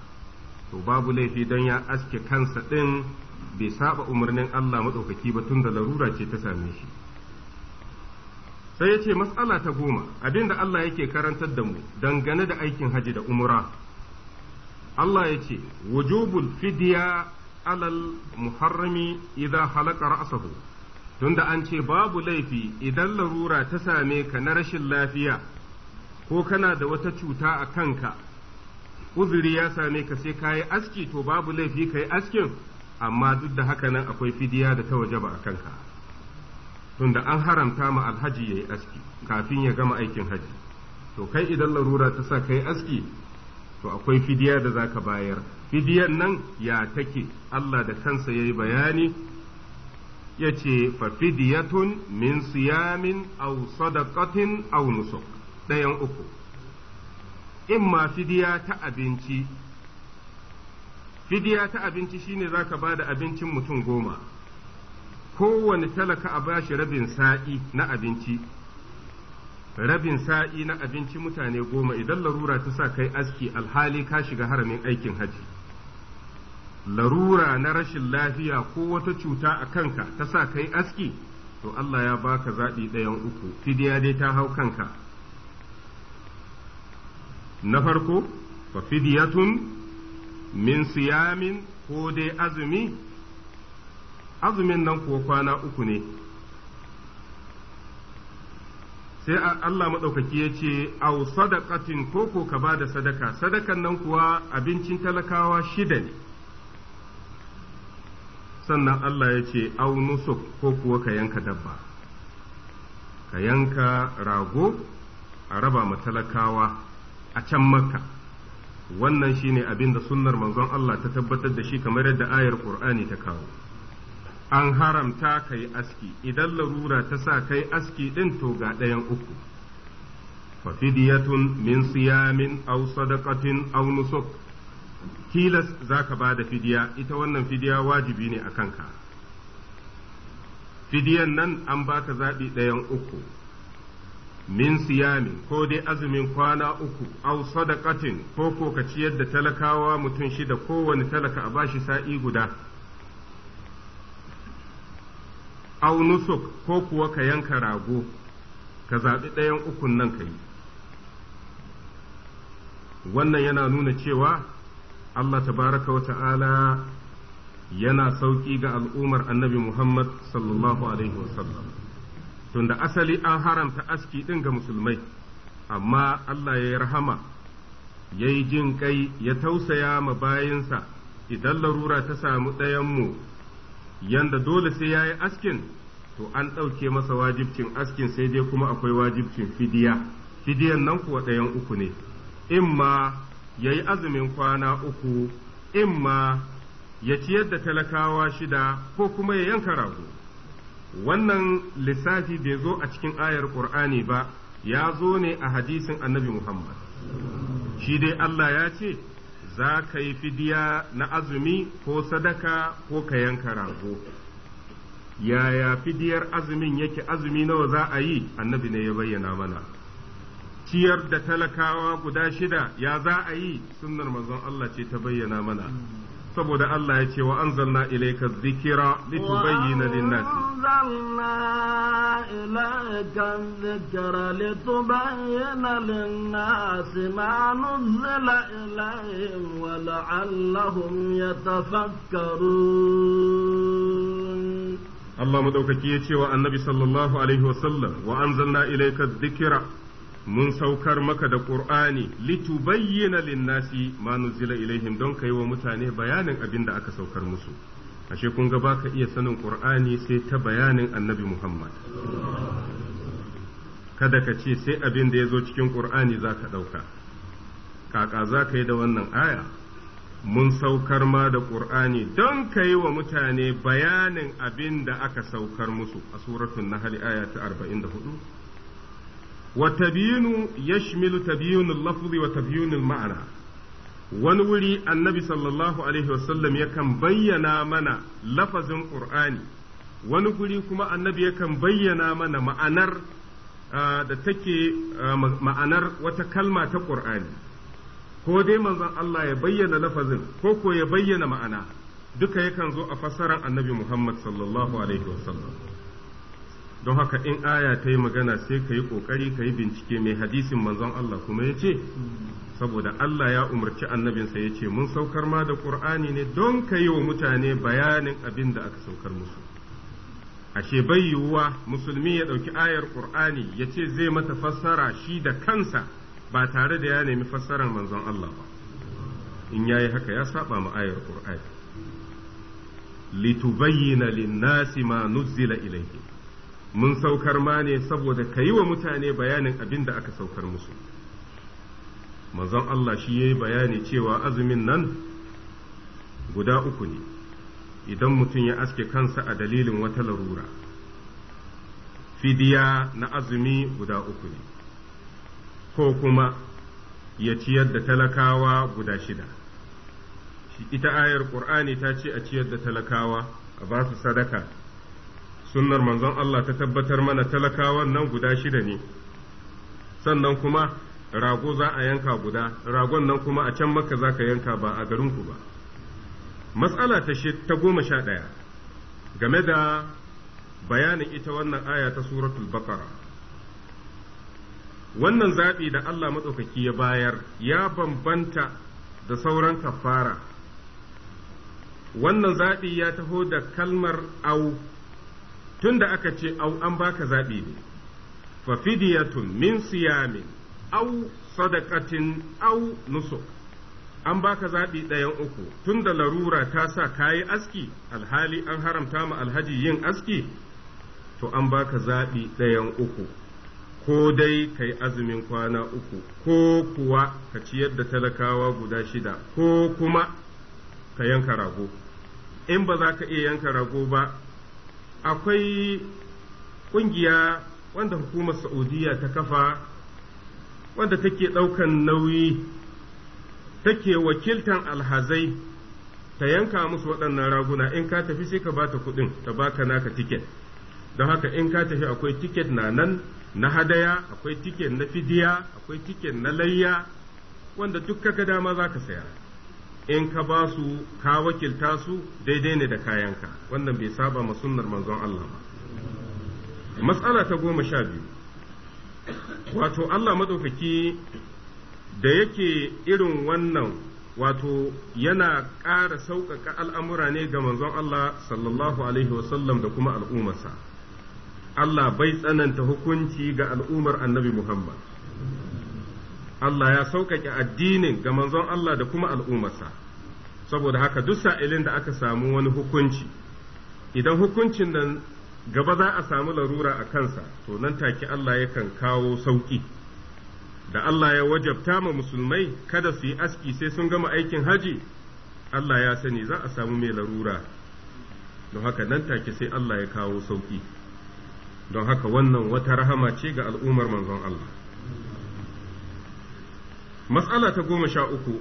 to babu laifi don ya aske kansa din. bai saba umarnin Allah maɗaukaki ba tun da larura ce ta same shi sai ya ce matsala ta goma abin da Allah yake karantar da mu dangane da aikin hajji da umura Allah ya ce wujubul fidiya alal muharrami idza halaka ra'sahu tunda an ce babu laifi idan larura ta same ka na rashin lafiya ko kana da wata cuta a kanka uzuri ya same ka sai ka aski to babu laifi ka askin amma duk da haka nan akwai fidiya da ta wajaba a kanka tunda an haramta ma alhaji ya yi aski kafin ya gama aikin haji to kai idan larura ta sa ka yi aski to akwai fidiya da za ka bayar fidiyan nan ya take Allah da kansa ya yi bayani ya ce fa fidiyatun min siyamin aw sadaqatin aw nusuk ɗayan uku in ma fidiya ta abinci fidiya ta abinci shine za ka ba da abincin mutum goma kowane talaka a bashi rabin sa'i na abinci rabin sa'i na abinci mutane goma idan larura ta sa kai aski alhali ka shiga haramin aikin haji larura na rashin lafiya ko wata cuta a kanka ta sa kai aski to Allah ya baka zaɓi ɗayan uku fidiya dai ta hau kanka na farko fa fidiyatun min siyamin ko dai azumi azumin nan ko kwana uku ne sai Allah maɗaukaki ya ce au sadaqatin ko ko ka ba da sadaka sadakan nan kuwa abincin talakawa shida ne sannan Allah ya ce au nusuk ko kuwa ka yanka dabba ka yanka rago a raba ma talakawa a can makka wannan shine abin da sunnar manzon Allah ta tabbatar da shi kamar yadda ayar Qur'ani ta kawo an haramta kai aski idan larura ta sa kai aski din to ga ɗayan uku fafidiyatun min siyamin aw sadaqatin aw nusuk tilas zaka bada fidiya ita wannan fidiya wajibi ne a kanka. fidiyan nan an baka zaɓi ɗayan uku min siyamin ko dai azumin kwana uku au sadaqatin ko ko ka ciyar da talakawa mutum shida kowane talaka a bashi sa'i guda au nusuk ko kuwa ka yanka rago ka zaɓi ɗayan ukun nan ka yi wannan yana nuna cewa Allah tabaraka wa ta'ala yana sauƙi ga al'ummar annabi Muhammad sallallahu alaihi wasallam tunda asali an haramta aski ɗin ga musulmai amma Allah ya yi rahama ya yi jin kai ya tausaya ma bayinsa idan larura ta samu ɗayanmu yanda dole sai ya yi askin to an ɗauke masa wajibcin askin sai dai kuma akwai wajibcin fidiya fidiyan nan kuwa ɗayan uku ne imma ya yi azumin kwana uku imma ya ciyar da talakawa shida ko kuma ya yanka rago wannan lissafi bai zo a cikin ayar ƙur'ani ba ya zo ne a hadisin annabi Muhammad shi dai Allah ya ce za ka yi fidiya na azumi ko sadaka ko ka yanka rago yaya fidiyar azumin yake azumi nawa za a yi annabi ne ya bayyana mana ciyar da talakawa guda shida ya za a yi sunnar manzon Allah ce ta bayyana mana saboda Allah ya ce wa an zanna anzalna ilayka dhikra litubayyana lin-nas anzalna ilayka zikira litubayyana bayyana nas ma nuzila ilayhim wa la'allahum yatafakkarun Allah madaukaki ya ce wa annabi sallallahu alaihi wa sallam wa an anzalna ilayka zikira. mun saukar maka da ƙur'ani litubayyana linnasi ma nuzila ilaihim don kai wa mutane bayanin abin da aka saukar musu ashe kun ga baka iya sanin ƙur'ani sai ta bayanin annabi muhammad kada ka ce sai abin da ya zo cikin ƙur'ani za ka ɗauka kaka za ka yi da wannan aya mun saukar ma da ƙur'ani don ka yi wa mutane bayanin abin da aka saukar musu a suratun nahali aya ta 44 wa tabiyinu yashmilu tabiyinul lafzi wa tabiyinul ma'ana wani wuri annabi sallallahu alaihi wasallam yakan bayyana mana lafazin qur'ani wani guri kuma annabi yakan bayyana mana ma'anar da take ma'anar wata kalma ta qur'ani ko dai manzon Allah ya bayyana lafazin ko ko ya bayyana ma'ana duka yakan zo a fassarar annabi Muhammad sallallahu alaihi wasallam don haka in aya ta yi magana sai ka yi ƙoƙari ka yi bincike mai hadisin manzon Allah kuma ya ce saboda Allah ya umarci annabinsa ya ce mun saukar ma da ƙur'ani ne don ka yi wa mutane bayanin abin da aka saukar musu ashe bai yiwuwa musulmi ya ɗauki ayar ƙur'ani ya ce zai mata fassara shi da kansa ba tare da ya nemi fassarar manzon Allah ba in yi haka ya saba ma ayar ƙur'ani litubayyana lin-nasi ma nuzzila mun saukar ma ne saboda ka yi wa mutane bayanin abin da aka saukar musu manzon Allah shi ya yi bayani cewa azumin nan guda uku ne idan mutum ya aske kansa a dalilin wata larura fidiya na azumi guda uku ne ko kuma ya ciyar da talakawa guda shida ita ayar ƙur'ani ta ce a ciyar da talakawa a ba su sadaka sunnar manzon Allah ta tabbatar mana talakawan nan guda shida ne sannan kuma rago za a yanka guda ragon nan kuma a can maka za ka yanka ba a garin ku ba matsala ta ta goma sha ɗaya game da bayanin ita wannan aya ta suratul baqara wannan zaɓi da Allah maɗaukaki ya bayar ya bambanta da sauran kafara wannan zaɓi ya taho da kalmar au Tun da aka ce au an baka zaɓi ne fa fidiyatun min siyamin au sadaqatin au nusuk an baka zaɓi ɗayan uku tunda larura ta sa kayi aski alhali an haramta ma alhaji yin aski to an baka zaɓi ɗayan uku ko dai ka yi azumin kwana uku ko kuwa ka ciyar da talakawa guda shida ko kuma ka yanka rago in ba za ka iya yanka rago ba akwai ƙungiya wanda hukumar Saudiya ta kafa wanda take ɗaukan nauyi take wakiltan alhazai ta yanka musu waɗannan raguna in ka tafi sai ka bata kuɗin ta ba ka naka tiket don haka in ka tafi akwai tiket na nan na hadaya akwai tiket na fidiya akwai tiket na layya wanda duk kaga dama za ka saya in ka ba su ka wakilta su daidai ne da kayanka wannan bai saba ma sunnar manzon Allah ba matsala ta goma sha biyu wato Allah madaukaki da yake irin wannan wato yana ƙara sauƙaƙa al'amura ne ga manzon Allah sallallahu alaihi wasallam da kuma al'ummarsa Allah bai tsananta hukunci ga al'ummar annabi Muhammad Allah ya sauƙaƙe addinin ga manzon Allah da kuma al'ummarsa saboda haka duk sa'ilin da aka samu wani hukunci idan hukuncin nan gaba za a samu larura a kansa to nan take Allah yakan kawo sauƙi da Allah ya wajabta ma musulmai kada su yi aski sai sun gama aikin haji Allah ya sani za a samu mai larura don haka nan take sai Allah ya kawo sauƙi don haka wannan wata rahama ce ga al'ummar manzon Allah matsala ta goma sha uku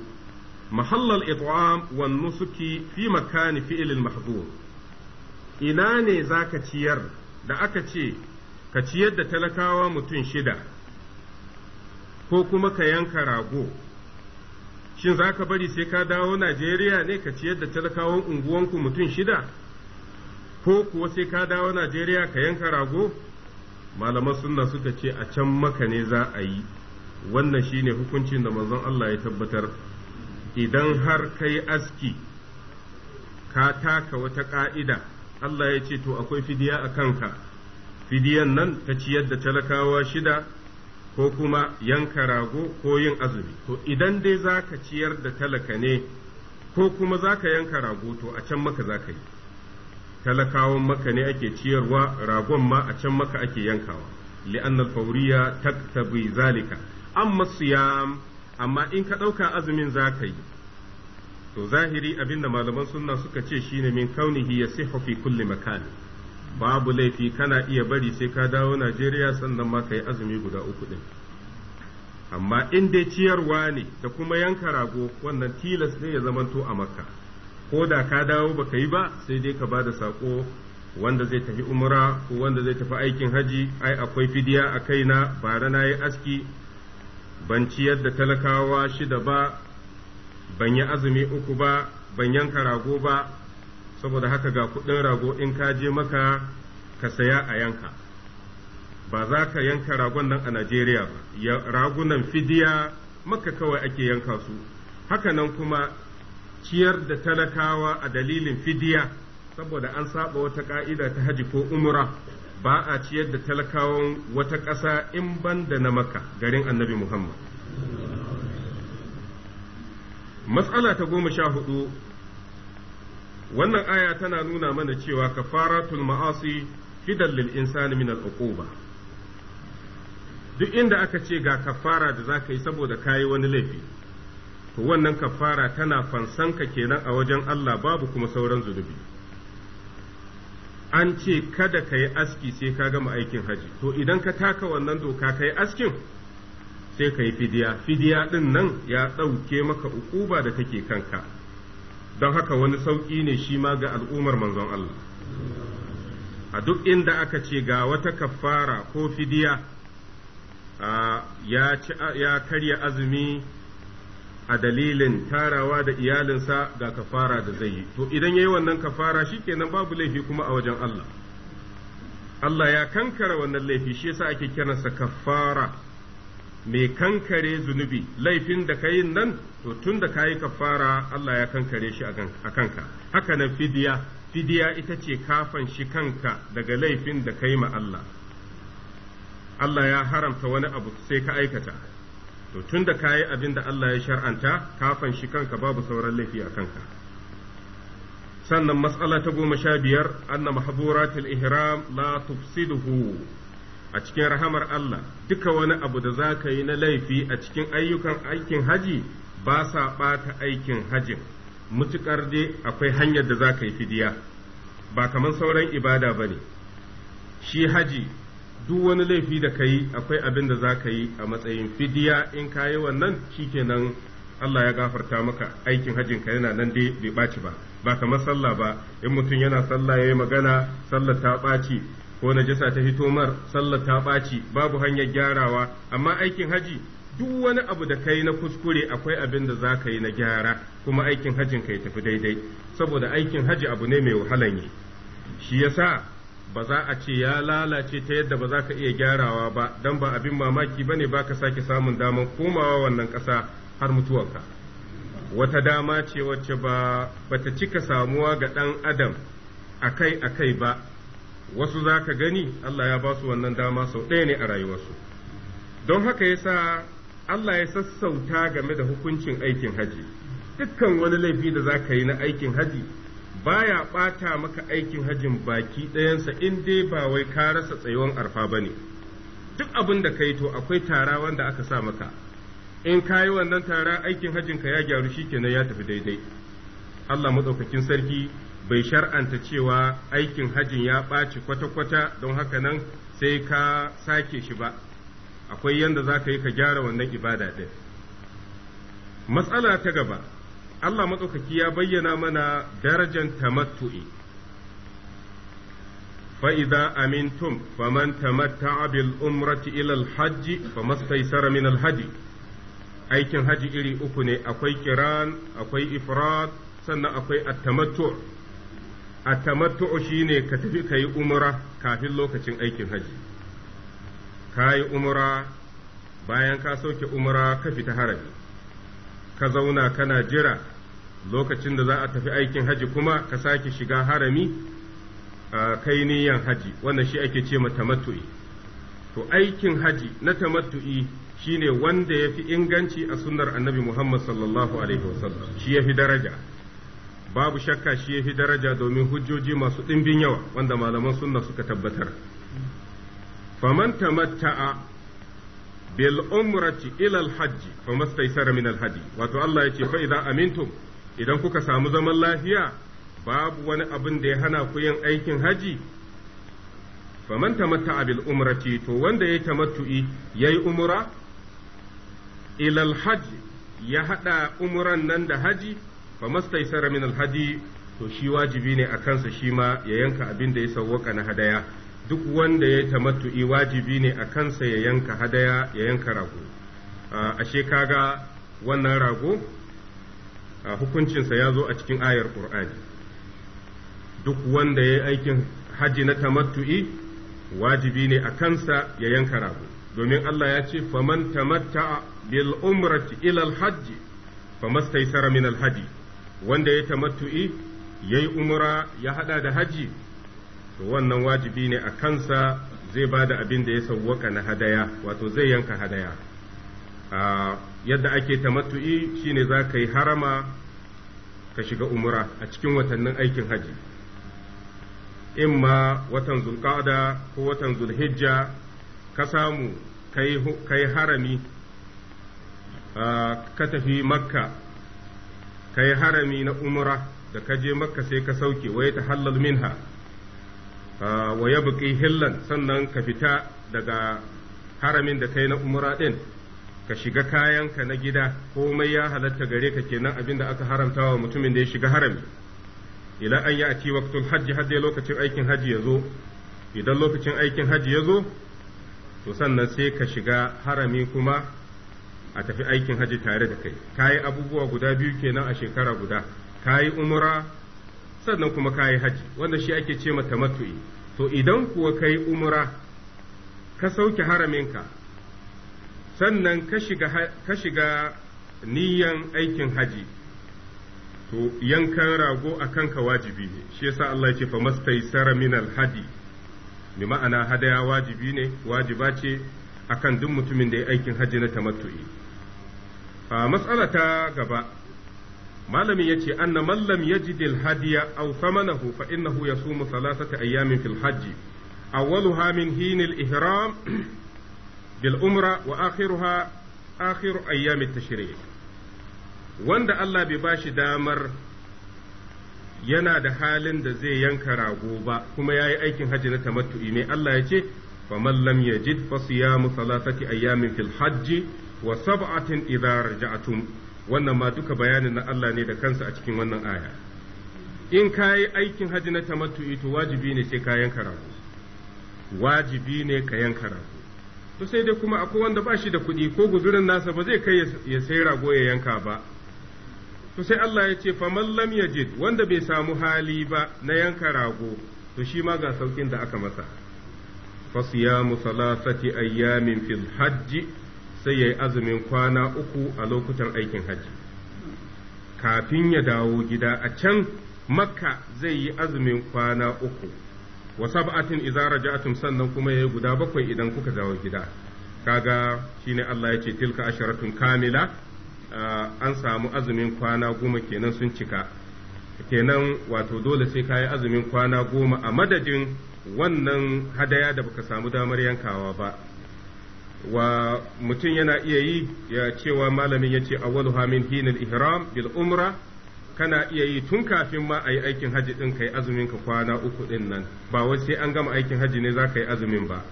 mahallal it'am Wannu nusuki fi makani fi'il mahzur ina ne zaka ciyar da aka ce ka ciyar da talakawa mutum shida ko kuma ka yanka rago shin za ka bari sai ka dawo Najeriya ne ka ciyar da talakawan unguwanku mutum shida ko kuwa sai ka dawo Najeriya ka yanka rago malaman sunna suka ce a can maka ne za a yi wannan shi ne hukuncin da manzon Allah ya tabbatar idan har ka yi aski ka taka wata ƙa'ida Allah ya ce to akwai fidiya a kanka fidiyan nan ta ciyar da talakawa shida ko kuma yanka rago ko yin azumi to idan dai za ka ciyar da talaka ne ko kuma za ka yanka rago to a can maka za ka yi talakawan maka ne ake ciyarwa ragon ma a can maka ake yankawa li'annal fauriya taktabi zalika amma siyam amma in ka ɗauka azumin za ka yi to zahiri abinda malaman sunna suka ce shine min kaunihi ya fi kulli makan babu laifi kana iya bari sai ka dawo Najeriya sannan ma ka yi azumi guda uku ɗin amma in dai ciyarwa ne da kuma yanka rago wannan tilas ne ya zamanto a maka. ko da ka dawo baka yi ba sai dai ka bada sako wanda zai tafi umra ko wanda zai tafi aikin haji ai akwai fidiya a kaina bara na yi aski ban ciyar da talakawa shida ba ban yi azumi uku ba ban yanka rago ba saboda haka ga kuɗin rago in ka je maka ka saya a yanka ba za ka yanka ragon nan a Najeriya ba ragunan fidiya maka kawai ake yanka su Haka nan kuma ciyar da talakawa a dalilin fidiya saboda an saba wata ka'ida ta haji ko umra ba a ciyar da talakawan wata ƙasa in ban da na maka garin annabi Muhammad. Matsala ta goma sha hudu wannan aya tana nuna mana cewa ka kafaratul ma'asi fidan lil'insani insani min al'uquba duk inda aka ce ga kafara da za ka yi saboda kayi wani laifi to wannan kafara tana fansanka kenan a wajen Allah babu kuma sauran zunubi. an ce kada ka yi aski sai ka gama aikin haji to idan ka taka wannan doka ka yi askin sai ka yi fidiya fidiya ɗin nan ya ɗauke maka ukuba da take kanka don haka wani sauƙi ne shi ma ga al'ummar manzon Allah a duk inda aka ce ga wata kafara ko fidiya ya karya azumi a dalilin tarawa da iyalinsa ga kafara da zai yi to idan yayi wannan kafara shikenan babu laifi kuma a wajen Allah Allah ya kankara wannan laifi shi yasa ake kiransa kafara mai kankare zunubi laifin da kayi nan to tun da kayi kafara Allah ya kankare shi a kanka haka nan fidiya fidiya ita ce kafan shi kanka daga laifin da kayi ma Allah Allah ya haramta wani abu sai ka aikata to tun da ka abin da Allah ya shar'anta ka fanshi kanka babu sauran laifi a kanka sannan matsala ta goma sha biyar anna mahaburatul ihram la tufsiduhu a cikin rahamar Allah duka wani abu da za ka yi na laifi a cikin ayyukan aikin haji ba sa ɓata aikin hajin mutuƙar dai akwai hanyar da za ka yi fidiya ba kamar sauran ibada ba ne shi haji duk wani laifi da ka yi akwai abin da za ka yi a matsayin fidiya in ka yi wannan shikenan Allah ya gafarta maka aikin hajjin ka yana nan dai bai ɓaci ba ba kamar sallah ba in mutum yana sallah ya yi magana sallah ta ɓaci ko najasa ta hito mar sallah ta ɓaci babu hanyar gyarawa amma aikin haji duk wani abu da kai na kuskure akwai abin da za ka yi na gyara kuma aikin hajjin ka ya tafi daidai saboda aikin haji abu ne mai wahalan yi shi yasa ba za a ce ya lalace ta yadda ba za ka iya gyarawa ba don ba abin mamaki ba ne ba ka sake samun daman komawa wannan ƙasa har mutuwanka wata dama ce wacce ba bata cika samuwa ga ɗan adam a kai ba wasu za ka gani Allah ya ba su wannan dama sau ɗaya ne a rayuwarsu don haka ya sa Allah ya sassauta game da hukuncin aikin haji dukkan wani laifi da za ka yi na aikin haji baya ɓata maka aikin hajin baki ɗayansa in dai ba wai ka rasa tsayuwan arfa ba ne duk abin da ka yi to akwai tara wanda aka sa maka in ka yi wannan tara aikin ka ya gyaru shi kenan ya tafi daidai Allah maɗaukakin sarki bai shar'anta cewa aikin hajin ya ɓaci kwata-kwata don haka nan sai ka sake shi ba akwai yanda za ka yi ka gyara wannan ibada ɗin matsala ta gaba Allah maɗaukaki ya bayyana mana darajar tamattu'i fa'iza amintum faman tamatta'a bil umrati ila alhajji famastaysara min alhaji aikin haji iri uku ne akwai kiran akwai ifrad sannan akwai attamattu attamattu shine ka tafi kai umra kafin lokacin aikin haji kai umra bayan ka sauke umra ka fita harabi ka zauna kana jira lokacin da za a tafi aikin haji kuma ka sake shiga harami kai niyan haji wannan shi ake ce tamattu'i to aikin haji na tamattu'i shine wanda ya fi inganci a sunnar annabi Muhammad sallallahu alaihi wasallam shi ya fi daraja babu shakka shi ya fi daraja domin hujjoji masu ɗimbin yawa wanda malaman sunna suka tabbatar faman tamatta'a bil umrati ila al hajji famastaysara min al hadi wato Allah yace fa idza amintum idan kuka samu zaman lafiya babu wani abin da ya hana ku yin aikin haji faman tamatta bil umrati to wanda ya tamattu'i yayi umra ilal haji ya hada umran nan da haji famastaisara min alhaji to shi wajibi ne a kansa shi ma ya yanka abin da ya sawwaka na hadaya duk wanda ya tamattu'i wajibi ne a kansa ya yanka hadaya ya yanka rago ah, ashe kaga wannan rago A hukuncinsa ya zo a cikin ayar ƙur'ani duk wanda ya yi aikin haji na tamattu'i wajibi ne a kansa ya yanka rago domin Allah ya ce faman tamatta bil umrati ila al hajji min al wanda ya tamattu'i yayi umra ya hada da haji to wannan wajibi ne a kansa zai ba da abin da ya sawwaka na hadaya wato zai yanka hadaya ah, yadda ake tamattu'i shine za ka yi harama ka shiga umra a cikin watannin aikin haji ma watan zulqa'da ko watan zulhijja ka samu ka yi harami ka tafi makka ka yi harami na umra da ka je makka sai ka sauke wa ya tahallal minha wa ya buƙi hillan sannan ka fita daga haramin da kai na umra ɗin ka shiga kayanka na gida komai ya halatta gare ka kenan abin da aka haramta wa mutumin da ya shiga harami ila an ya ati waqtul hajji hadda lokacin aikin hajji ya zo idan lokacin aikin hajji ya zo to sannan sai ka shiga harami kuma a tafi aikin hajji tare da kai kayi abubuwa guda biyu kenan a shekara guda kayi umra sannan kuma kayi hajji wanda shi ake ce mata to idan kuwa kayi umra ka sauke haraminka sannan ka shiga niyan aikin haji to yankan rago a kanka wajibi ne shi yasa Allah ce fa mastaisara min alhadi bi ma'ana hadaya wajibi ne wajiba ce akan duk mutumin da ya aikin haji na tamattu'i a matsala ta gaba malami ya ce anna man lam yajid hadiya aw thamanahu fa innahu yasumu thalathata ayyamin fil hajji awwaluha min hinil ihram bil'umra wa akhiruha akhiru ta tashriq wanda Allah bai bashi damar yana da halin da zai yanka rago ba kuma yayi aikin hajji na tamattu'i ne Allah ya ce faman lam yajid fa siyamu thalathati ayyamin fil hajji wa sab'atin idza raja'tum wannan ma duka bayanin na Allah ne da kansa a cikin wannan aya in ka yi aikin hajji na tamattu'i to wajibi ne sai ka yanka wajibi ne ka yanka rago to sai dai kuma akwai wanda ba shi da kuɗi ko guzurin nasa ba zai kai ya sai rago ya yanka ba to sai Allah ya ce faman lam yajid wanda bai samu hali ba na yanka rago to shi ma ga saukin da aka masa siyamu salasati ayyamin fil hajji sai yayi azumin kwana uku a lokutan aikin hajji kafin ya dawo gida a can makka zai yi azumin kwana uku wa sab'atin idza raja'tum sannan kuma yayi guda bakwai idan kuka dawo gida kaga shine Allah yace ce tilka asharatun kamila ah, an samu azumin kwana goma kenan sun cika kenan wato dole sai kayi azumin kwana goma a madadin wannan hadaya da baka samu damar yankawa ba wa mutum yana iya yi ya cewa malamin yace ce min hinal ihram bil umra kana iya yi tun kafin ma a yi aikin haji ɗin ka yi azumin ka kwana uku ɗin nan ba wai sai an gama aikin haji ne za ka yi azumin ba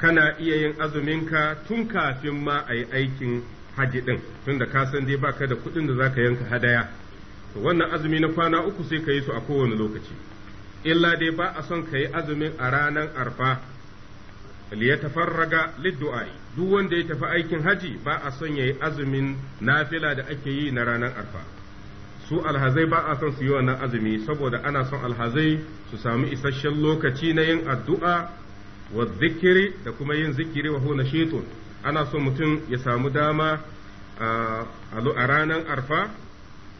kana iya yin azumin ka tun kafin ma a yi aikin haji ɗin tun da ka san dai baka da kuɗin da za ka yanka hadaya to wannan azumi na kwana uku sai ka yi su a kowane lokaci illa dai ba a son ka yi azumin a ranar arfa liyatafarraga liddu'ai duk wanda ya tafi aikin haji ba a son yayi azumin nafila da ake yi na ranar arfa su alhazai ba a son su yi wannan azumi saboda ana son alhazai su samu isasshen lokaci na yin addu'a wa zikiri da kuma yin zikiri wa na shaitun ana son mutum ya samu dama a ranar arfa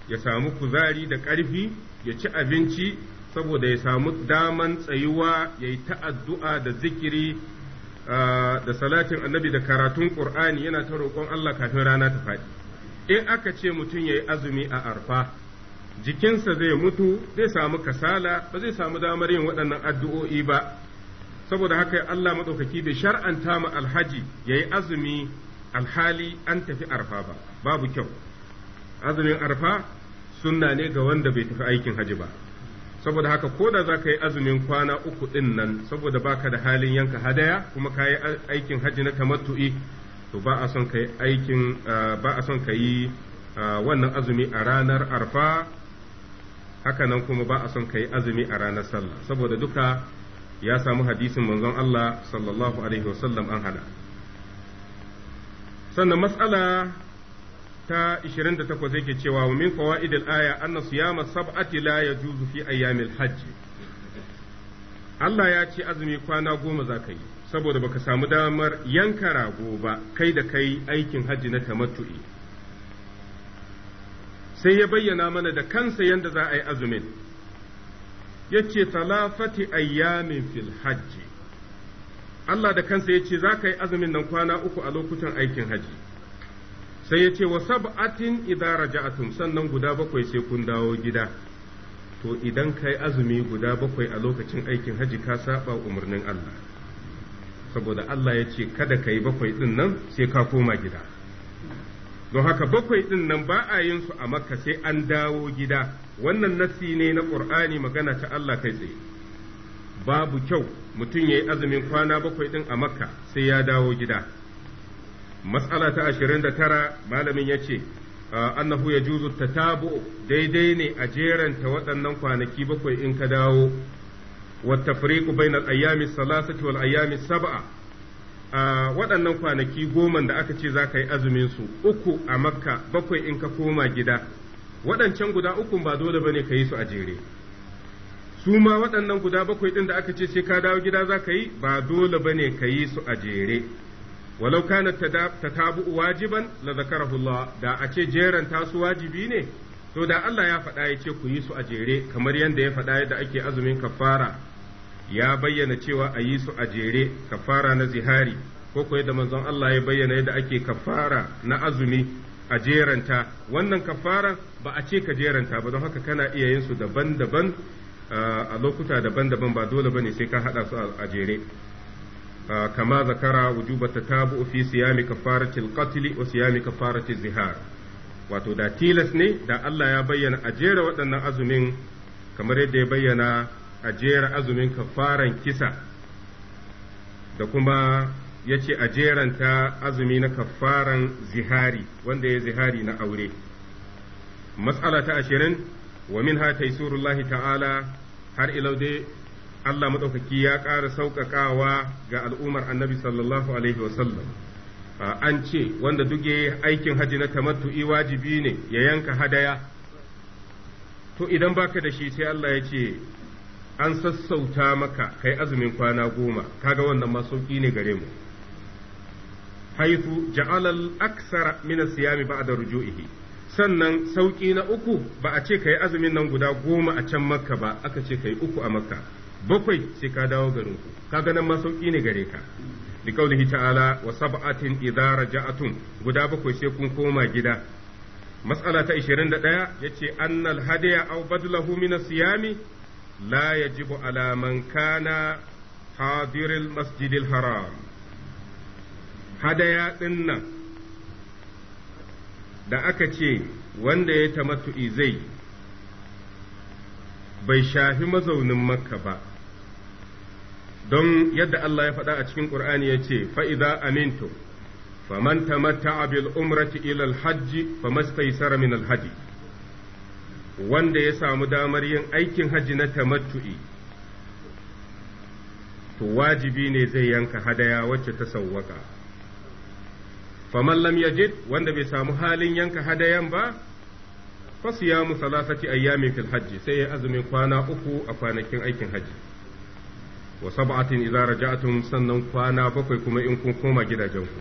ya samu kuzari da ƙarfi ya ci abinci saboda ya samu daman tsayuwa ya yi ta'addu'a da zikiri da salatin annabi da karatun qur'ani yana ta roƙon Allah kafin rana ta faɗi in aka ce mutum yayi azumi a arfa jikinsa zai mutu zai samu kasala ba zai samu damar yin waɗannan addu'o'i ba saboda haka Allah maɗaukaki bai shar'anta mu alhaji ya yi azumi alhali an tafi arfa ba babu kyau azumin arfa sunna ne ga wanda bai tafi aikin haji ba saboda haka ko da za ka yi azumin kwana uku ɗin nan saboda ba ka da halin yanka hadaya kuma ka yi aikin hajji na tamattu'i to ba a son ka yi aikin ba a son ka yi wannan azumi a ranar arfa haka nan kuma ba a son ka yi azumi a ranar sallah saboda duka ya samu hadisin manzon Allah sallallahu alaihi wasallam an hada sannan matsala ta 28 yake cewa wa min fawaidil aya anna siyama sab'ati la yajuzu fi ayyamil hajj Allah ya ce azumi kwana goma za ka yi saboda baka samu damar yanka rago ba kai da kai aikin hajji na tamattu'i sai ya bayyana mana da kansa yanda za a yi azumin ya ce talafati ayyamin fil hajji Allah da kansa ya ce za ka yi azumin nan kwana uku a lokutan aikin hajji sai ya ce wa sab'atin idza raja'atum sannan guda bakwai sai kun dawo gida to idan kai azumi guda bakwai a lokacin aikin haji ka saba umarnin Allah saboda Allah ya ce kada kai bakwai din nan sai ka koma gida don haka bakwai din nan ba a yin su a makka sai an dawo gida wannan nasi ne na ƙur'ani magana ta Allah kai tsaye babu kyau mutum ya yi azumin kwana bakwai din a makka sai ya dawo gida matsala ta 29 malamin ya ce annahu ya juzu tatabu daidai ne a jeranta waɗannan kwanaki bakwai in ka dawo wa tafriqu bainal ayyami salasati wal ayyami sab'a waɗannan kwanaki goman da aka ce za ka yi azumin su uku a makka bakwai in ka koma gida waɗancan guda ukun ba dole bane ka yi su a jere su ma waɗannan guda bakwai ɗin da aka ce sai ka dawo gida za ka yi ba dole bane ka yi su a jere walau kana tatabu wajiban la zakarahu Allah da a ce jeran su wajibi ne to da Allah ya faɗa ya ce ku yi su a jere kamar yadda ya faɗa yadda ake azumin kafara ya bayyana cewa a yi su a jere kafara na zihari ko kuwa da manzon Allah ya bayyana yadda ake kafara na azumi a jeranta wannan kafara ba a ce ka jeranta ba don haka kana iya yin su daban-daban a lokuta daban-daban ba dole bane sai ka haɗa su a jere كما ذكر وجوب التتابع في صيام كفارة القتل وصيام كفارة الزهار wato da tilas ne da Allah ya bayyana a jera waɗannan azumin kamar yadda ya bayyana a jera azumin kafaran kisa da kuma ya ce a jeranta azumi na kafaran zihari wanda ya zihari na aure matsala ta ashirin wa min ha taisurullahi ta'ala har ilau dai Allah maɗaukaki ya ƙara sauƙaƙawa ga al'ummar annabi sallallahu alaihi wasallam an ce wanda duke aikin haji na tamattu'i wajibi ne ya yanka hadaya to idan baka da shi sai Allah ya ce an sassauta maka kai azumin kwana goma kaga wannan ma sauƙi ne gare mu haifu ja'alal aksara min siyami da ruju'ihi sannan sauƙi na uku ba a ce kai azumin nan guda goma a can makka ba aka ce kai uku a makka bakwai sai ka dawo garin ku kaga nan ma ne gare ka kaulihi ta'ala wa sab'atin idza raja'atun guda bakwai sai kun koma gida mas'ala ta 21 yace annal hadiya aw badlahu min as-siyami la yajibu ala man kana hadiril masjidil haram hadaya dinnan da aka ce wanda ya tamattu'i zai bai shafi mazaunin makka ba don yadda Allah ya faɗa a cikin ƙur'ani ya ce fa'iza amintu faman tamatta'a bil umrati ilal al-hajji famastaysara min alhaji wanda ya samu damar yin aikin hajji na tamattu'i to wajibi ne zai yanka hadaya wacce ta sawwaka faman lam yajid wanda bai samu halin yanka hadayan ba fasiyamu salasati ayyamin fil hajji sai ya azumin kwana uku a kwanakin aikin hajji. wa sab'atin idza raja'tum sannan kwana bakwai kuma in kun koma gidajenku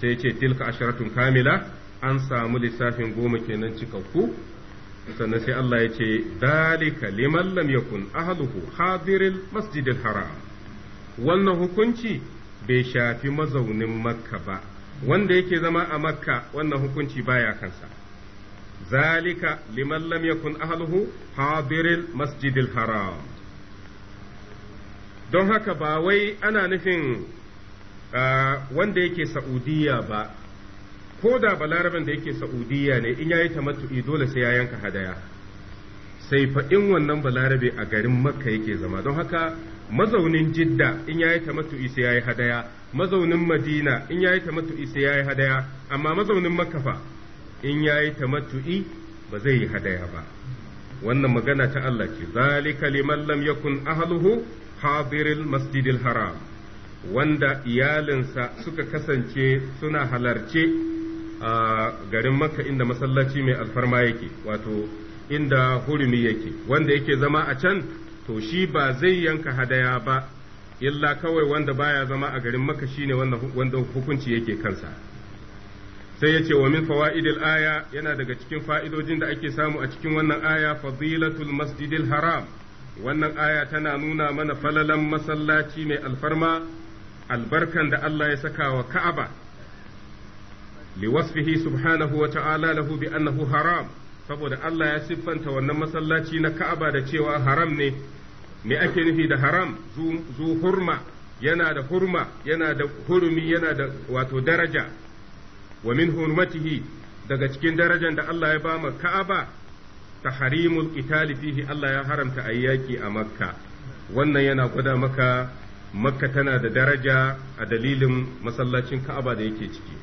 sai yace tilka asharatun kamila an samu lissafin goma kenan cikakku sannan sai Allah ya ce dalika liman lam yakun ahluhu hadiril masjidil haram wannan hukunci bai shafi mazaunin makka ba wanda yake zama a makka wannan hukunci baya kansa zalika liman lam yakun ahluhu hadiril masjidil haram don haka ba wai ana nufin wanda yake sa'udiyya ba ko da balaraban da yake sa'udiyya ne in yayi tamattu'i dole sai ya yanka hadaya sai fa in wannan balarabe a garin makka yake zama don haka mazaunin jidda in yayi tamattu'i sai yayi hadaya mazaunin madina in yayi tamattu'i sai yayi hadaya amma mazaunin makka fa in yayi tamattu'i ba zai yi hadaya ba wannan magana ta Allah ce zalika liman lam yakun ahluhu hadiril masjidil haram wanda iyalinsa suka kasance suna halarce a garin makka inda masallaci mai alfarma yake wato inda hurumi yake wanda yake zama a can to shi ba zai yanka hadaya ba illa kawai wanda baya zama a garin maka shine wanda hukunci yake kansa sai ya ce wa min fawaidil aya yana daga cikin fa'idojin da ake samu a cikin wannan aya fadilatul masjidil haram wannan aya tana nuna mana falalan masallaci mai alfarma albarkan da Allah ya saka wa Ka'aba liwasfihi subhanahu wa ta'ala lahu bi annahu haram saboda Allah ya siffanta wannan masallaci na Ka'aba da cewa haram ne me ake nufi da haram zu hurma yana da hurma yana da hurumi yana da wato daraja wa min hurmatihi daga cikin darajar da Allah ya ba ma Ka'aba harimu qitali fihi Allah ya haramta ayyaki a makka wannan yana gwada maka makka tana da daraja a dalilin masallacin ka'aba da yake ciki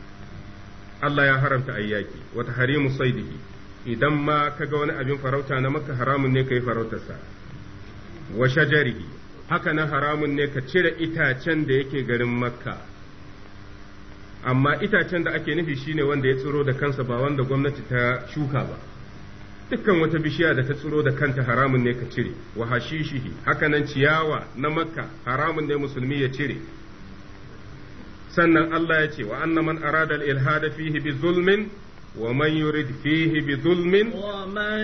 Allah ya haramta ayyaki wa tahrimu saidihi idan ma kaga wani abin farauta na makka haramun ne kai farautarsa wa shajarihi haka na haramun ne ka cire itacen da yake garin makka amma itacen da ake nufi shine wanda ya tsiro da kansa ba wanda gwamnati ta shuka ba dukkan wata bishiya da ta tsiro da kanta haramun ne ka cire wa hashishihi hakanan ciyawa na makka haramun ne musulmi ya cire sannan Allah ya ce wa anna man arada ilhada fihi bi zulmin Waman يرد فيه بظلم ومن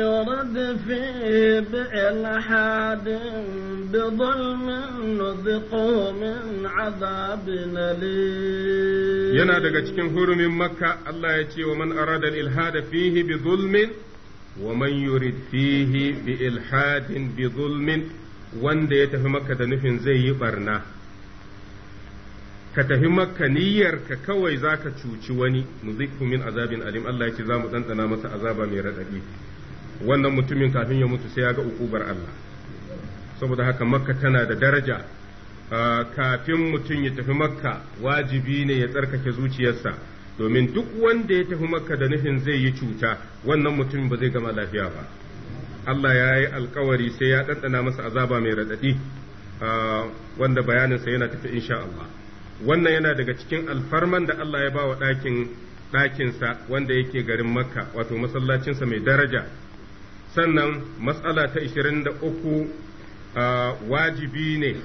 يرد فيه بإلحاد بظلم نذقه من عذاب أليم yana daga cikin hurumin maka Allah ya ce wa man arada ilhada fihi bi zulmin wa man yurid fihi bi ilhadin bi zulmin wanda ya tafi maka da nufin zai yi barna ka tafi makka niyyarka kawai za ka cuci wani nuzifu min azabin alim Allah ya ce za mu ɗanɗana masa azaba mai raɗaɗi wannan mutumin kafin ya mutu sai ya ga ukubar Allah saboda haka makka tana da daraja ah, kafin mutum ya tafi makka wajibi ne ya tsarkake zuciyarsa domin duk wanda ya tafi makka da nufin zai yi cuta wannan mutumin ba zai gama lafiya ba Allah ya yi alkawari sai ya ɗanɗana masa azaba mai raɗaɗi ah, wanda sa yana tafi insha Allah wannan yana daga cikin alfarman da Allah ya ba wa ɗakin ɗakinsa wanda yake garin makka wato masallacinsa mai daraja sannan matsala ta 23 wajibi ne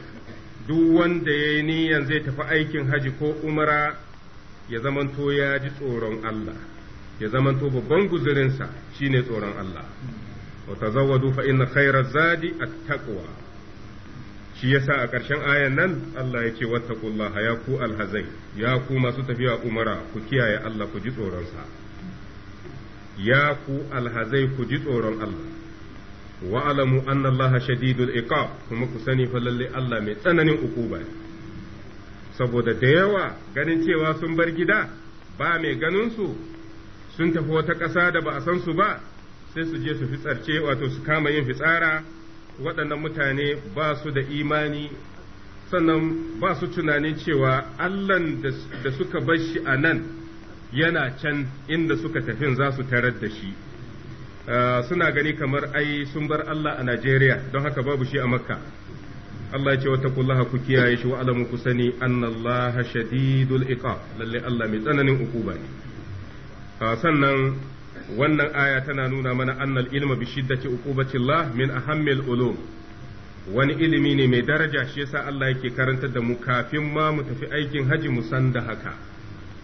duk wanda ya yi niyan zai tafi aikin haji ko umara ya zamanto ya ji tsoron Allah ya zamanto babban guzurinsa shine tsoron Allah Wata tazawwadu dufa inna khairar zadi a taqwa shi yasa a ƙarshen ayan nan Allah ya ce wattaqullaha ya ku alhazai ya ku masu tafiya umara ku kiyaye Allah ku ji tsoronsa ya ku alhazai ku ji tsoron Allah wa alamu anna Allah shadidul iqab kuma ku sani fa lalle Allah mai tsananin ukuba saboda da yawa ganin cewa sun bar gida ba mai ganin su sun tafi wata ƙasa da ba a san su ba sai su je su fitsarce wato su kama yin fitsara waɗannan mutane ba su da imani sannan ba su tunanin cewa Allahn da suka bar shi a nan yana can inda suka tafin za su tarar da shi ah, suna gani kamar ai sun bar Allah a Najeriya don haka babu shi a makka Allah ya ce wata kullaha ku kiyaye shi wa alamu ku sani annallaha shadidul iqab lalle Allah mai tsananin ukuba ne ah, sannan wannan aya tana nuna mana annal ilma bi shiddati uqubatillah min ahammil ulum wani ilimi ne mai daraja shi yasa Allah yake karantar da mu kafin ma mu tafi aikin haji mu san da haka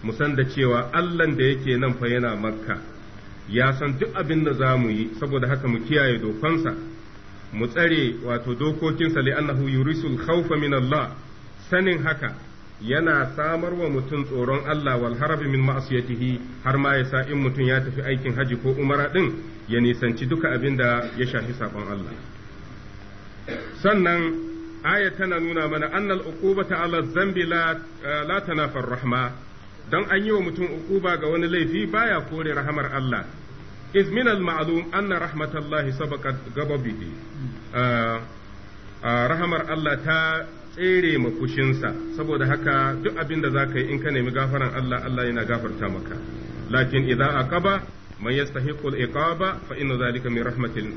mu san da cewa Allah da yake nan fa yana makka ya san duk abin da zamu yi saboda haka mu kiyaye dokansa mu tsare wato dokokinsa li annahu yurisul khawfa min Allah sanin haka yana samar wa mutum tsoron Allah wal harabi min ma'asiyatihi har ma yasa in mutum ya tafi aikin haji ko umara din ya nisanci duka abin da ya shafi sabon Allah sannan aya tana nuna mana annal uqubata ala zambi la eh, la tanafar rahma dan an yi wa mutum uquba ga wani laifi baya kore rahamar Allah iz min al ma'lum anna rahmatallahi sabaqat gababihi eh, eh, rahamar Allah ta tsere ma fushinsa saboda haka duk abin da za ka yi in ka nemi gafaran Allah Allah yana gafarta maka lakin idza aqaba man yastahiqu al-iqaba fa inna zalika min rahmatil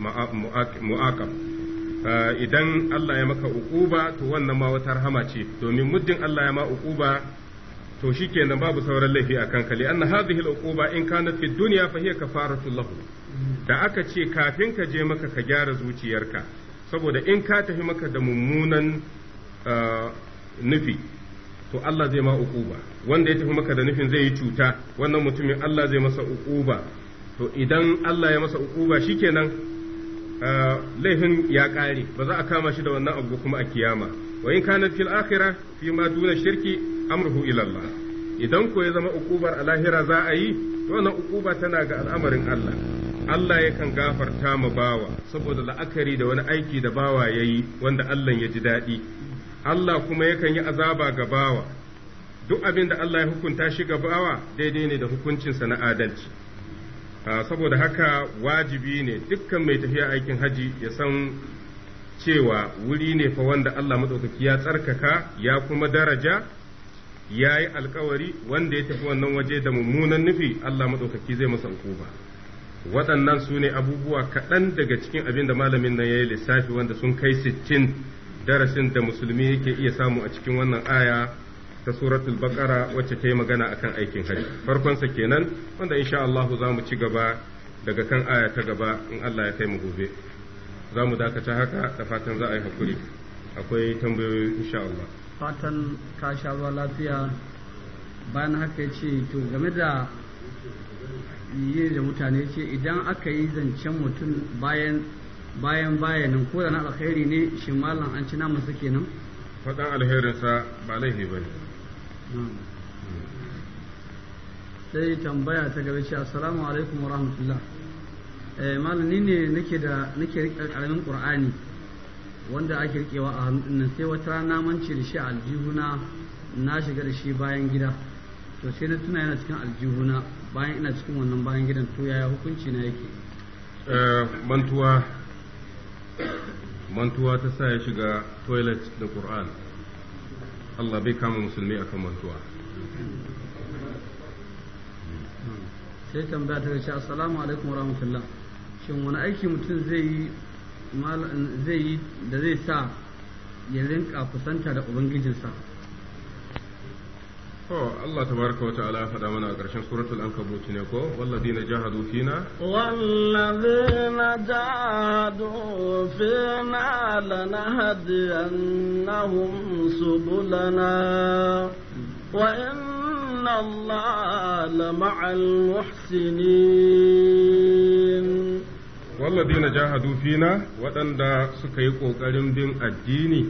mu'aqab eh, idan Allah ya maka uquba to wannan ma wata rahama ce domin muddin Allah ya ma uquba to shikenan babu sauran laifi a kanka li anna hadhihi al-uquba in kanat fi dunya fa hiya kafaratu lahu da aka ce kafin ka je maka ka gyara zuciyarka saboda in ka tafi maka da mummunan nufi to Allah zai ma uquba wanda ya tafi maka da nufin zai yi cuta wannan mutumin Allah zai masa uquba to idan Allah ya masa uquba shikenan laifin ya kare ba za a kama shi da wannan abu kuma a kiyama wa in kana fil akhirah fi ma duna shirki amruhu ila Allah idan ko ya zama uqubar a lahira za a yi to wannan uquba tana ga al'amarin Allah Allah yakan gafarta ma bawa saboda la'akari da wani aiki da bawa yayi wanda Allah ya ji daɗi Allah kuma yakan yi azaba ga bawa duk abin da Allah ya hukunta shi ga bawa daidai ne da hukuncinsa na adalci ah, saboda haka wajibi ne dukkan mai tafiya aikin haji ya san cewa wuri ne fa wanda Allah maɗaukaki ya tsarkaka ya kuma daraja ya yi alkawari wanda ya tafi wannan waje da mummunan nufi Allah madaukaki zai masa ba waɗannan su ne abubuwa kaɗan daga cikin abin da malamin nan ya yi lissafi wanda sun kai sittin darasin da musulmi yake iya samu a cikin wannan aya ta suratul baqara wacce ta yi magana akan aikin hajji farkonsa kenan wanda insha Allah za mu ci gaba daga kan aya ta gaba in Allah ya kai mu gobe za mu dakata haka da fatan za a yi hakuri akwai tambayoyi insha Allah fatan ka sha ruwa lafiya bayan haka ce to game da yi da mutane ce idan aka yi zancen mutum bayan bayan baya nan ko da na alkhairi ne shi mallan an ci namu suke nan faɗan sa ba laifi ba sai tambaya ta gaba ce assalamu alaikum wa rahmatullah eh, mallan ni ne nake da nake riƙe karamin qur'ani wanda ake riƙewa a hannu nan sai wata rana mance da shi a aljihuna na shiga da shi bayan gida to sai na tuna yana cikin aljihuna bayan ina cikin wannan bayan gidan to yaya hukunci na yake eh, mantuwa mantuwa ta sa ya shiga toilet da ƙur'ani, Allah bai kama musulmi akan mantuwa sai tambaya ta a assalamu alaikum wa rahmatullah shin wani aiki mutum zai yi da zai sa ya rinka fusanta da ubangijinsa Oh Allah baraka Wata ya faɗa mana a ƙarshen suratul ankabut ne ko walladina jahadu fina walladina jahadu fina lanahdiyannahum subulana wa inna Allah lama'al muhsinin walladina jahadu fina waɗanda suka yi ƙoƙarin bin addini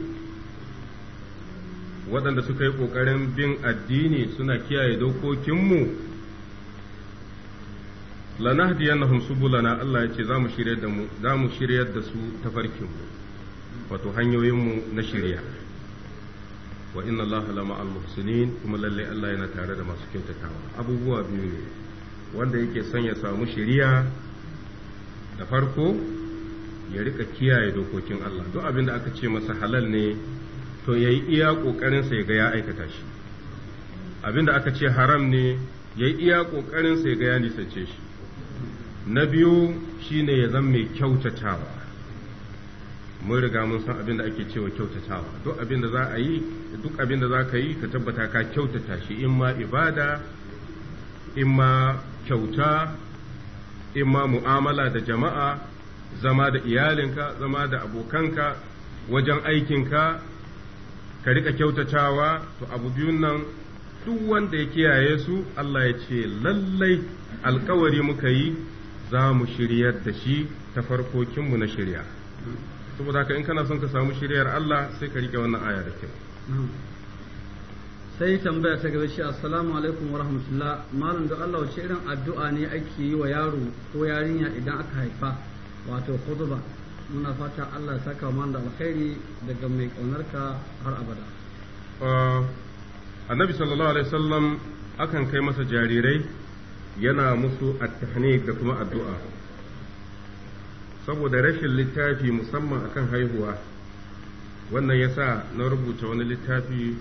waɗanda suka yi ƙoƙarin bin addini suna kiyaye dokokinmu lanahdiyannahum subulana Allah ya ce za mu shirya da mu za mu shirya da su tafarkinmu wato hanyoyinmu na shirya wa inna Allah lama al-muhsinin kuma lalle Allah yana tare da masu kyautatawa abubuwa biyu ne wanda yake son ya samu shirya da farko ya rika kiyaye dokokin Allah duk abin da aka ce masa halal ne to ya yi iya ƙoƙarinsa ya ga ya aikata shi abinda aka ce haram ne ya yi iya ƙoƙarinsa ya ga ya nisance shi na biyu shi ne ya zama mai kyautatawa mun riga mun san abin ake cewa kyautatawa duk abin za a yi duk abinda da za ka yi ka tabbata ka kyautata shi in ma ibada in ma kyauta in ma mu'amala da jama'a zama da iyalinka zama da abokanka wajen aikinka ka rika kyautatawa to abu biyun nan duk wanda ya kiyaye su Allah ya ce lallai alkawari muka yi za mu shiryar da shi ta farkokinmu na shirya saboda haka in kana son ka samu shiryar Allah sai ka rike wannan aya da kyau sai tambaya ta gaba shi assalamu alaikum wa rahmatullah malam da Allah wace irin addu'a ne ake yi wa yaro ko yarinya idan aka haifa wato khutba muna fata Allah ya saka man da alkhairi daga mai ƙaunarka har abada ah, annabi sallallahu alaihi wasallam akan kai masa jarirai yana musu attahani da kuma addu'a saboda rashin littafi musamman akan haihuwa wannan ya sa na rubuta wani littafi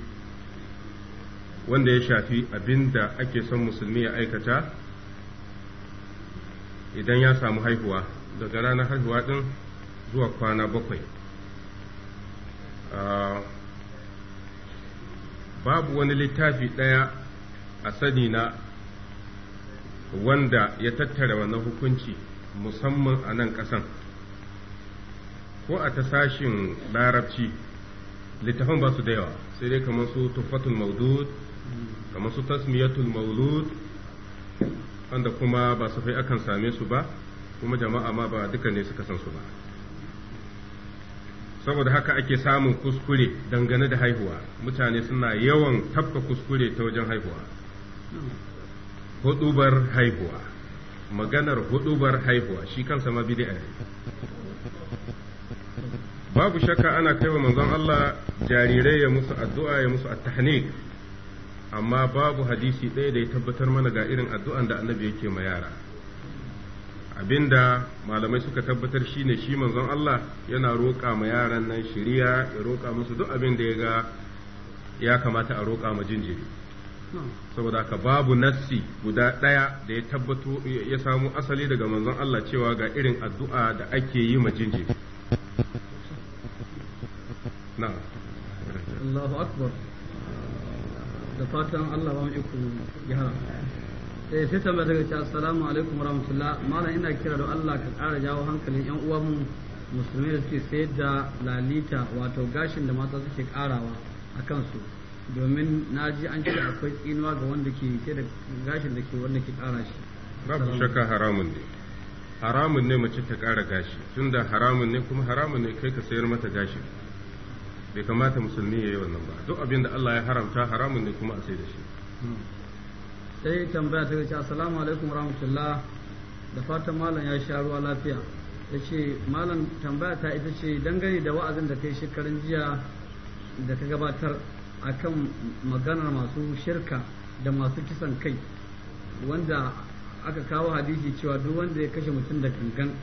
wanda ya shafi abinda ake son musulmi ya aikata idan ya samu haihuwa daga ranar haihuwa din zuwa kwana bakwai ah, babu wani littafi ɗaya a sani na wanda ya tattara wannan hukunci musamman a nan ƙasan ko a ta sashin larabci littafan ba su da yawa sai dai kamar su tufatul maudud kamar su tasmiyatul maulud wanda kuma ba su fai akan same su ba kuma jama'a ma ba duka ne suka san su ba saboda haka ake samun kuskure dangane da haihuwa mutane suna yawan tafka kuskure ta wajen haihuwa hudubar haihuwa maganar hudubar haihuwa shi kansa ma bid'a babu shakka ana kaiwa manzon Allah jarirai ya musu addu'a ya musu at-tahnik amma babu hadisi ɗaya da ya tabbatar mana ga irin addu'an da annabi yake ma yara abinda malamai suka tabbatar shi ne shi manzon Allah yana roƙa ma yaran nan shiriya ya roƙa musu duk abin da ya ga ya kamata a roƙa ma jinjiri saboda haka babu nassi guda ɗaya da ya tabbato ya samu asali daga manzon Allah cewa ga irin addu'a da ake yi ma jinjiri Allahu akbar da fatan Allah ba mu iko ya sai eh, sai tambaya daga ce assalamu alaikum warahmatullah malam ina kira da Allah ka ƙara jawo hankalin yan uwan musulmi da suke sayar da lalita wato gashin da mata suke ƙarawa a kansu domin na ji an ce akwai tsinuwa ga wanda ke sai da gashin da ke wanda ke ƙara shi babu shakka haramun ne haramun ne mace ta ƙara gashi tunda haramun ne kuma haramun ne kai ka sayar mata gashi bai kamata musulmi ya yi wannan ba duk abin da Allah ya haramta haramun ne kuma a sai da shi hmm. sai tambaya ta ce assalamu alaikum rahmatullah da fatan malam ya sha ruwa lafiya ya ce malam tambaya ta ita ce dangane da wa'azin da kai shekarun jiya da ka gabatar akan maganar masu shirka da masu kisan kai wanda aka kawo hadisi cewa duk wanda ya kashe mutum da gangan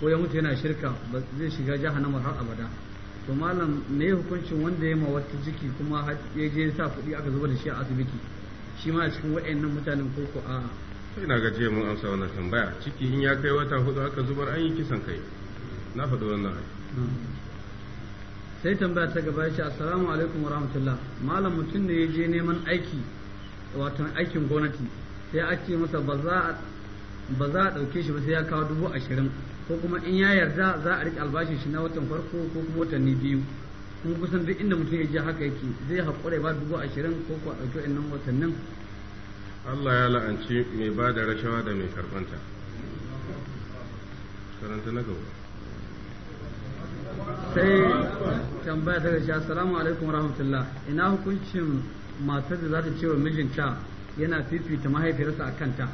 ko ya mutu yana shirka ba zai shiga jahannamar har abada to malam me hukuncin wanda ya ma wata jiki kuma ya je sa kuɗi aka zuba da shi a asibiti shi ma a cikin waɗannan mutanen koko a ina ga mun amsa wannan tambaya ciki in ya kai wata hudu haka zubar an yi kisan kai na faɗi wannan hmm. sai tambaya ta gaba shi assalamu alaikum wa rahmatullah malam mutum ne ya je neman aiki wato aikin gwamnati sai a ce masa ba za ba za a ɗauke shi ba sai ya kawo dubu ashirin ko kuma in ya yarda za a riƙe albashin shi na watan farko ko kuma watanni biyu kun kusan duk inda mutum ya je haka yake zai haƙura ba dubu ashirin ko kuwa ɗauki nan watannin Allah ya la'anci mai ba da rashawa da mai karɓanta karanta na gaba sai tambaya ta gashi assalamu alaikum rahmatullah ina hukuncin matar da za ta ce wa mijinta yana fifita mahaifiyarsa a kanta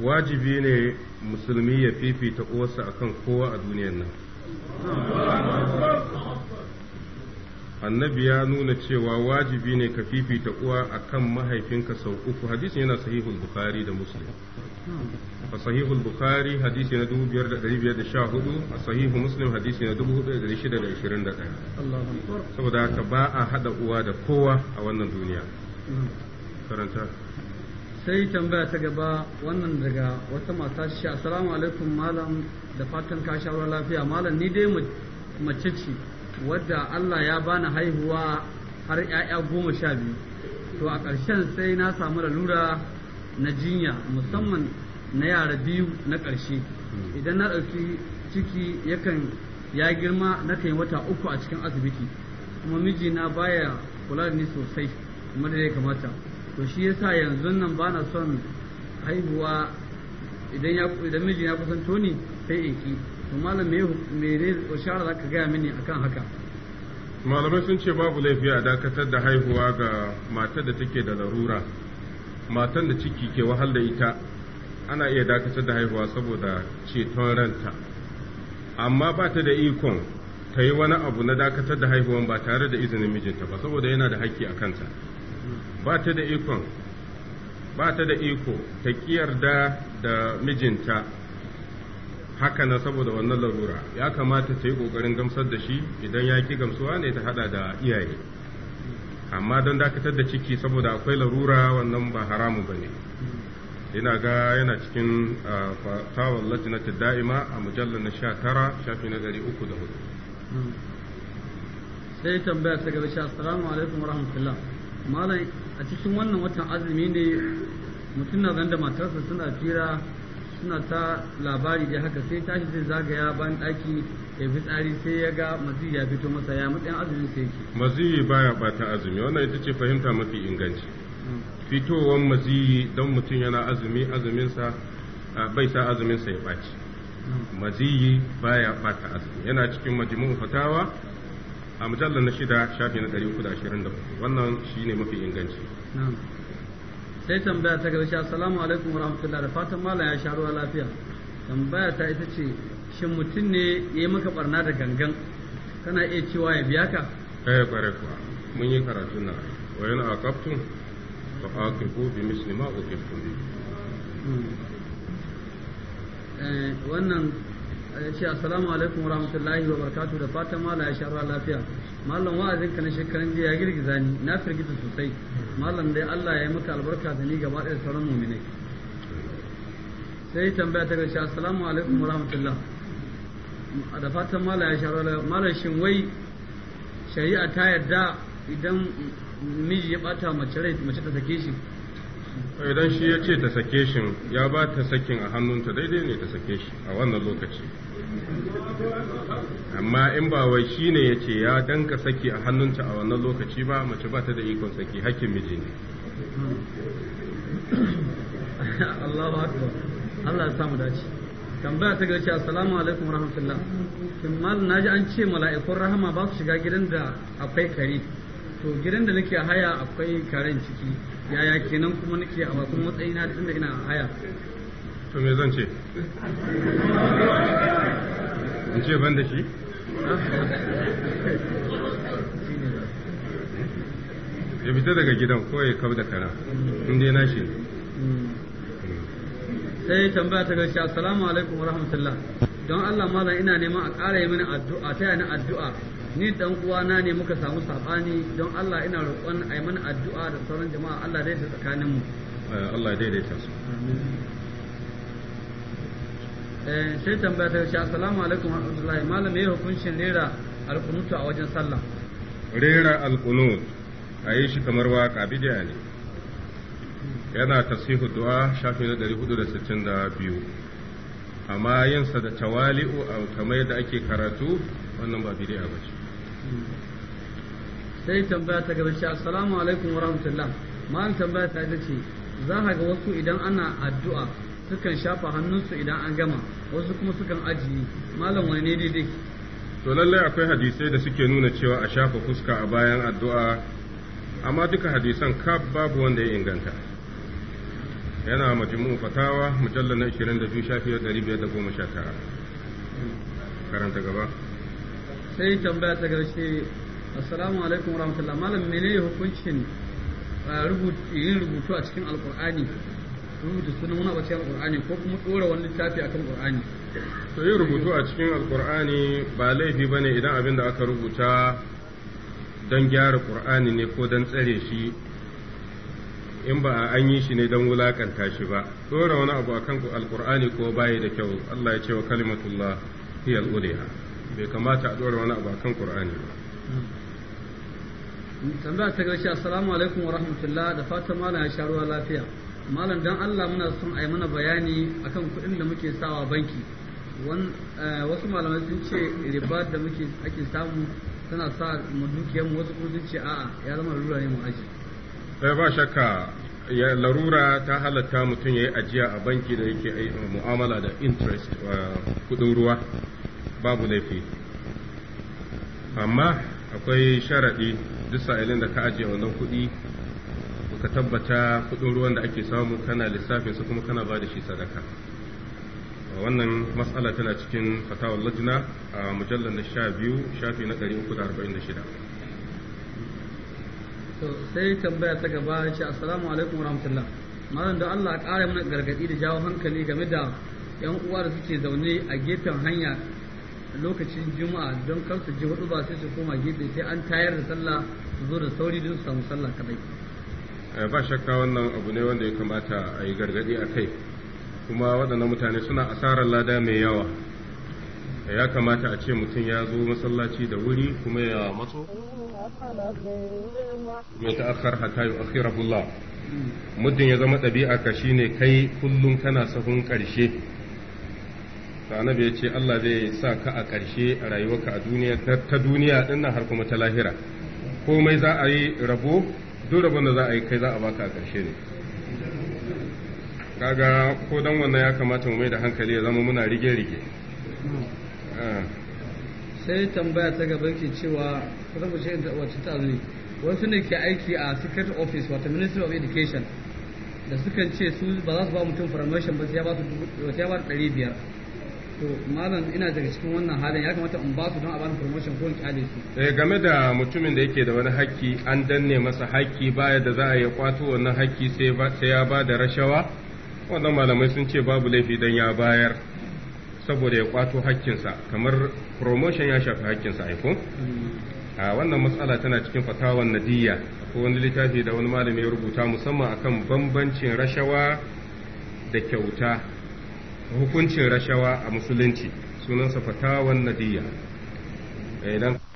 wajibi ne musulmi ya fifita uwarsa akan kowa a duniyar nan annabi ya nuna cewa wajibi ne ka fifita uwa akan mahaifinka sau uku hadisin yana sahihul bukhari da muslim a sahihul bukhari hadisi na 5514 a sahihul muslim hadisi na 4621 saboda haka ba a hada uwa da kowa a wannan duniya karanta sai tambaya ta gaba wannan daga wata mata ce assalamu alaikum malam da fatan ka lafiya malam ni dai mace ce wadda Allah ya bani haihuwa har 'ya'ya goma sha biyu to a ƙarshen sai na samu lalura na jinya musamman na yara biyu na ƙarshe idan na ɗauki ciki yakan ya girma na kai wata uku a cikin asibiti kuma mijina baya kula da ni sosai kuma da ya kamata to shi yasa yanzu nan ba na son haihuwa idan ya idan miji ya kusan toni sai in ki to malam me me ne shara zaka gaya mini akan haka malamai sun ce babu laifi a dakatar da haihuwa ga matar da take da larura matan da ciki ke wahal da ita ana iya dakatar da haihuwa saboda ceton ranta amma ba ta da ikon ta yi wani abu na dakatar da haihuwan ba tare da izinin mijinta ba saboda yana da haƙƙi a kanta ba ta da ikon ba ta da iko ta yarda da mijinta haka na saboda wannan larura ya kamata ta yi ƙoƙarin gamsar da shi idan ya ki gamsuwa ne ta hada da iyaye amma don dakatar da ciki saboda akwai larura wannan ba haramu ba ne ina ga yana cikin ah, fatawar lajinata da'ima a mujallar na sha tara shafi na gari uku da hudu hmm. sai tambaya ta gaba sha assalamu alaikum wa rahmatullah malam a cikin wannan watan azumi ne mutum na da matarsa suna fira suna ta labari da haka sai tashi zai zagaya bayan daki ya fi tsari sai ya ga mazi ya fito masa ya matsayin azumi sai yake mazi baya bata azumi wannan ita ce fahimta mafi inganci fitowar mazi don mutum yana azumi azuminsa bai sa azuminsa ya ɓaci hmm. maziyi baya bata azumi yana cikin majmu'u fatawa a mujallar na shida shafi na ɗari da ashirin 324 wannan shi ne mafi inganci sai tambaya ta gaba assalamu alaikum wa rahmatullahi da fatan malam ya sharuwa lafiya tambaya ta ita ce shin mutum ne ya yi maka barna da gangan kana iya cewa ya biya ka eh kware kuwa mun yi karatu na wa yana a ke aqibu bi misli ma uqibtum bi hmm. eh, wannan ce assalamu alaikum wa rahmatullahi wa barakatuh da fatan ma la sharra lafiya mallam wa'azin ka na shekaran jiya girgiza ni na firgita sosai mallam dai Allah ya yi maka albarka da ni gaba ɗaya sauran mu'minai sai tambaya ta gaishe assalamu alaikum wa rahmatullah da fatan ma la sharra mallam shin wai shari'a ta yarda idan miji ya bata mace rai mace ta sake shi idan shi ya ce ta sake shi ya ba ta sakin a hannunta daidai ne ta sake shi a wannan lokaci amma in ba wai shi ne ya ce ya danka saki a hannunta a wannan lokaci ba mace ba ta da ikon saki hakkin miji ne *coughs* Allahu akbar Allah ya samu dace tambaya ta gaci assalamu alaikum rahmatullah kin na ji an ce mala'ikun rahama ba su shiga gidan da akwai kare to gidan da nake haya akwai karen ciki yaya kenan kuma nake a bakin matsayina da inda ina haya to me zan ce in ce ban da shi ya fita daga gidan ko ya kau da kara in dai nashi sai tambaya ta gaske assalamu alaikum wa rahmatullah don Allah malam ina neman a ƙara yi mini addu'a ta yana addu'a ni dan uwana ne muka samu sabani don Allah ina roƙon a yi mana addu'a da sauran jama'a Allah daidaita tsakaninmu eh, Allah daidaita su Eh, sai tambaya ta yace assalamu alaikum wa rahmatullahi malam me hukuncin rera alkunutu a wajen sallah rera alkunut a yi shi kamar waka bidiya ne yana tasihu du'a shafi na 462 amma yinsa da tawali'u a kamar yadda ake karatu wannan ba bidiya ba ce sai tambaya ta gaba shi assalamu alaikum wa rahmatullahi malam tambaya ta ce za ga wasu idan ana addu'a sukan shafa hannunsu idan an gama wasu kuma sukan ajiye malam wani ne daidai to lallai akwai hadisai da suke nuna cewa a shafa fuska a bayan addu'a amma duka hadisan kaf babu wanda ya inganta yana majmu fatawa mujallal na 22 shafi 519 karanta gaba sai tambaya ta garshe assalamu alaikum warahmatullahi malam menene hukuncin ah, yin rubutu a cikin alkur'ani rubuta sunan wani abu a alqur'ani ko kuma ɗora wani littafi kan qur'ani to yin rubutu a cikin Alƙur'ani ba laifi ba ne idan abin da aka rubuta don gyara ƙur'ani ne ko don tsare shi in ba an yi shi ne don wulaƙanta shi ba ɗora wani abu a kan Alƙur'ani ko bayi da kyau Allah ya ce wa kalimatullah hiya al bai kamata a ɗora wani abu kan ƙur'ani. ba tambaya ta gaishe assalamu alaikum wa rahmatullah da fatan malam ya sha ruwa lafiya malam dan Allah muna son a yi mana bayani akan kuɗin da muke sawa banki eh, wasu malamai sun ce riba da muke ake samu tana sa mu dukiyar mu wasu kuma sun ce a'a ya zama larura ne mu aji sai eh, ba shakka ya larura ta halatta mutum ya yi ajiya a banki da yake eh, mu'amala da interest kuɗin ruwa babu laifi amma akwai sharaɗi duk sa'ilin da ka ajiye wannan kuɗi ka tabbata kudin ruwan da ake samu kana su kuma kana ba da shi sadaka wannan matsala tana cikin fatawar lajina a mujallar na sha biyu shafi na ɗari uku da arba'in da shida sai tambaya ta gaba ce assalamu alaikum warahmatullah malam da Allah ƙara mana gargaɗi da jawo hankali game da yan uwa da suke zaune a gefen hanya lokacin juma'a don kar su ji hudu ba sai su koma gefe sai an tayar da sallah su zo da sauri don su samu sallah kadai Eh, ba shakka wannan abu ne wanda ya kamata a yi gargadi a kai kuma waɗannan mutane suna asarar lada mai yawa eh, ya kamata a ce mutum ya zo masallaci da wuri kuma ya matso mai ta'akhar hatta muddin ya zama ɗabi'a ka shine kai kullum kana sahun ƙarshe annabi ya ce Allah zai sa ka a ƙarshe a rayuwarka a duniya ta duniya dinnan har kuma ta lahira komai za a yi rabo duk rabon da za a yi kai za a baka a ƙarshe ne kaga ko dan wannan ya kamata mu mai da hankali ya zama muna rige-rige ah. sai tambaya ta gaba ke cewa kusan mu ce wacce ta zuri wasu ne ke aiki a secret office wata ministry of education da sukan ce su ba za su ba mutum farmashin ba sai ya ba su ɗari biyar to malam ina daga cikin wannan halin ya kamata in ba don a bani promotion ko in kyale eh, game da mutumin da yake da wani haƙƙi an danne masa haƙƙi baya da za a yi kwato wannan haƙƙi sai ya ba da rashawa wannan malamai sun ce babu laifi dan ya bayar saboda ya kwato haƙƙinsa kamar promotion ya shafi hakkinsa aiko mm. a wannan matsala tana cikin fatawan nadiya ko wani littafi da wani malami ya rubuta musamman akan bambancin rashawa da kyauta hukuncin rashawa a musulunci sunansa fatawan nadiya idan eh,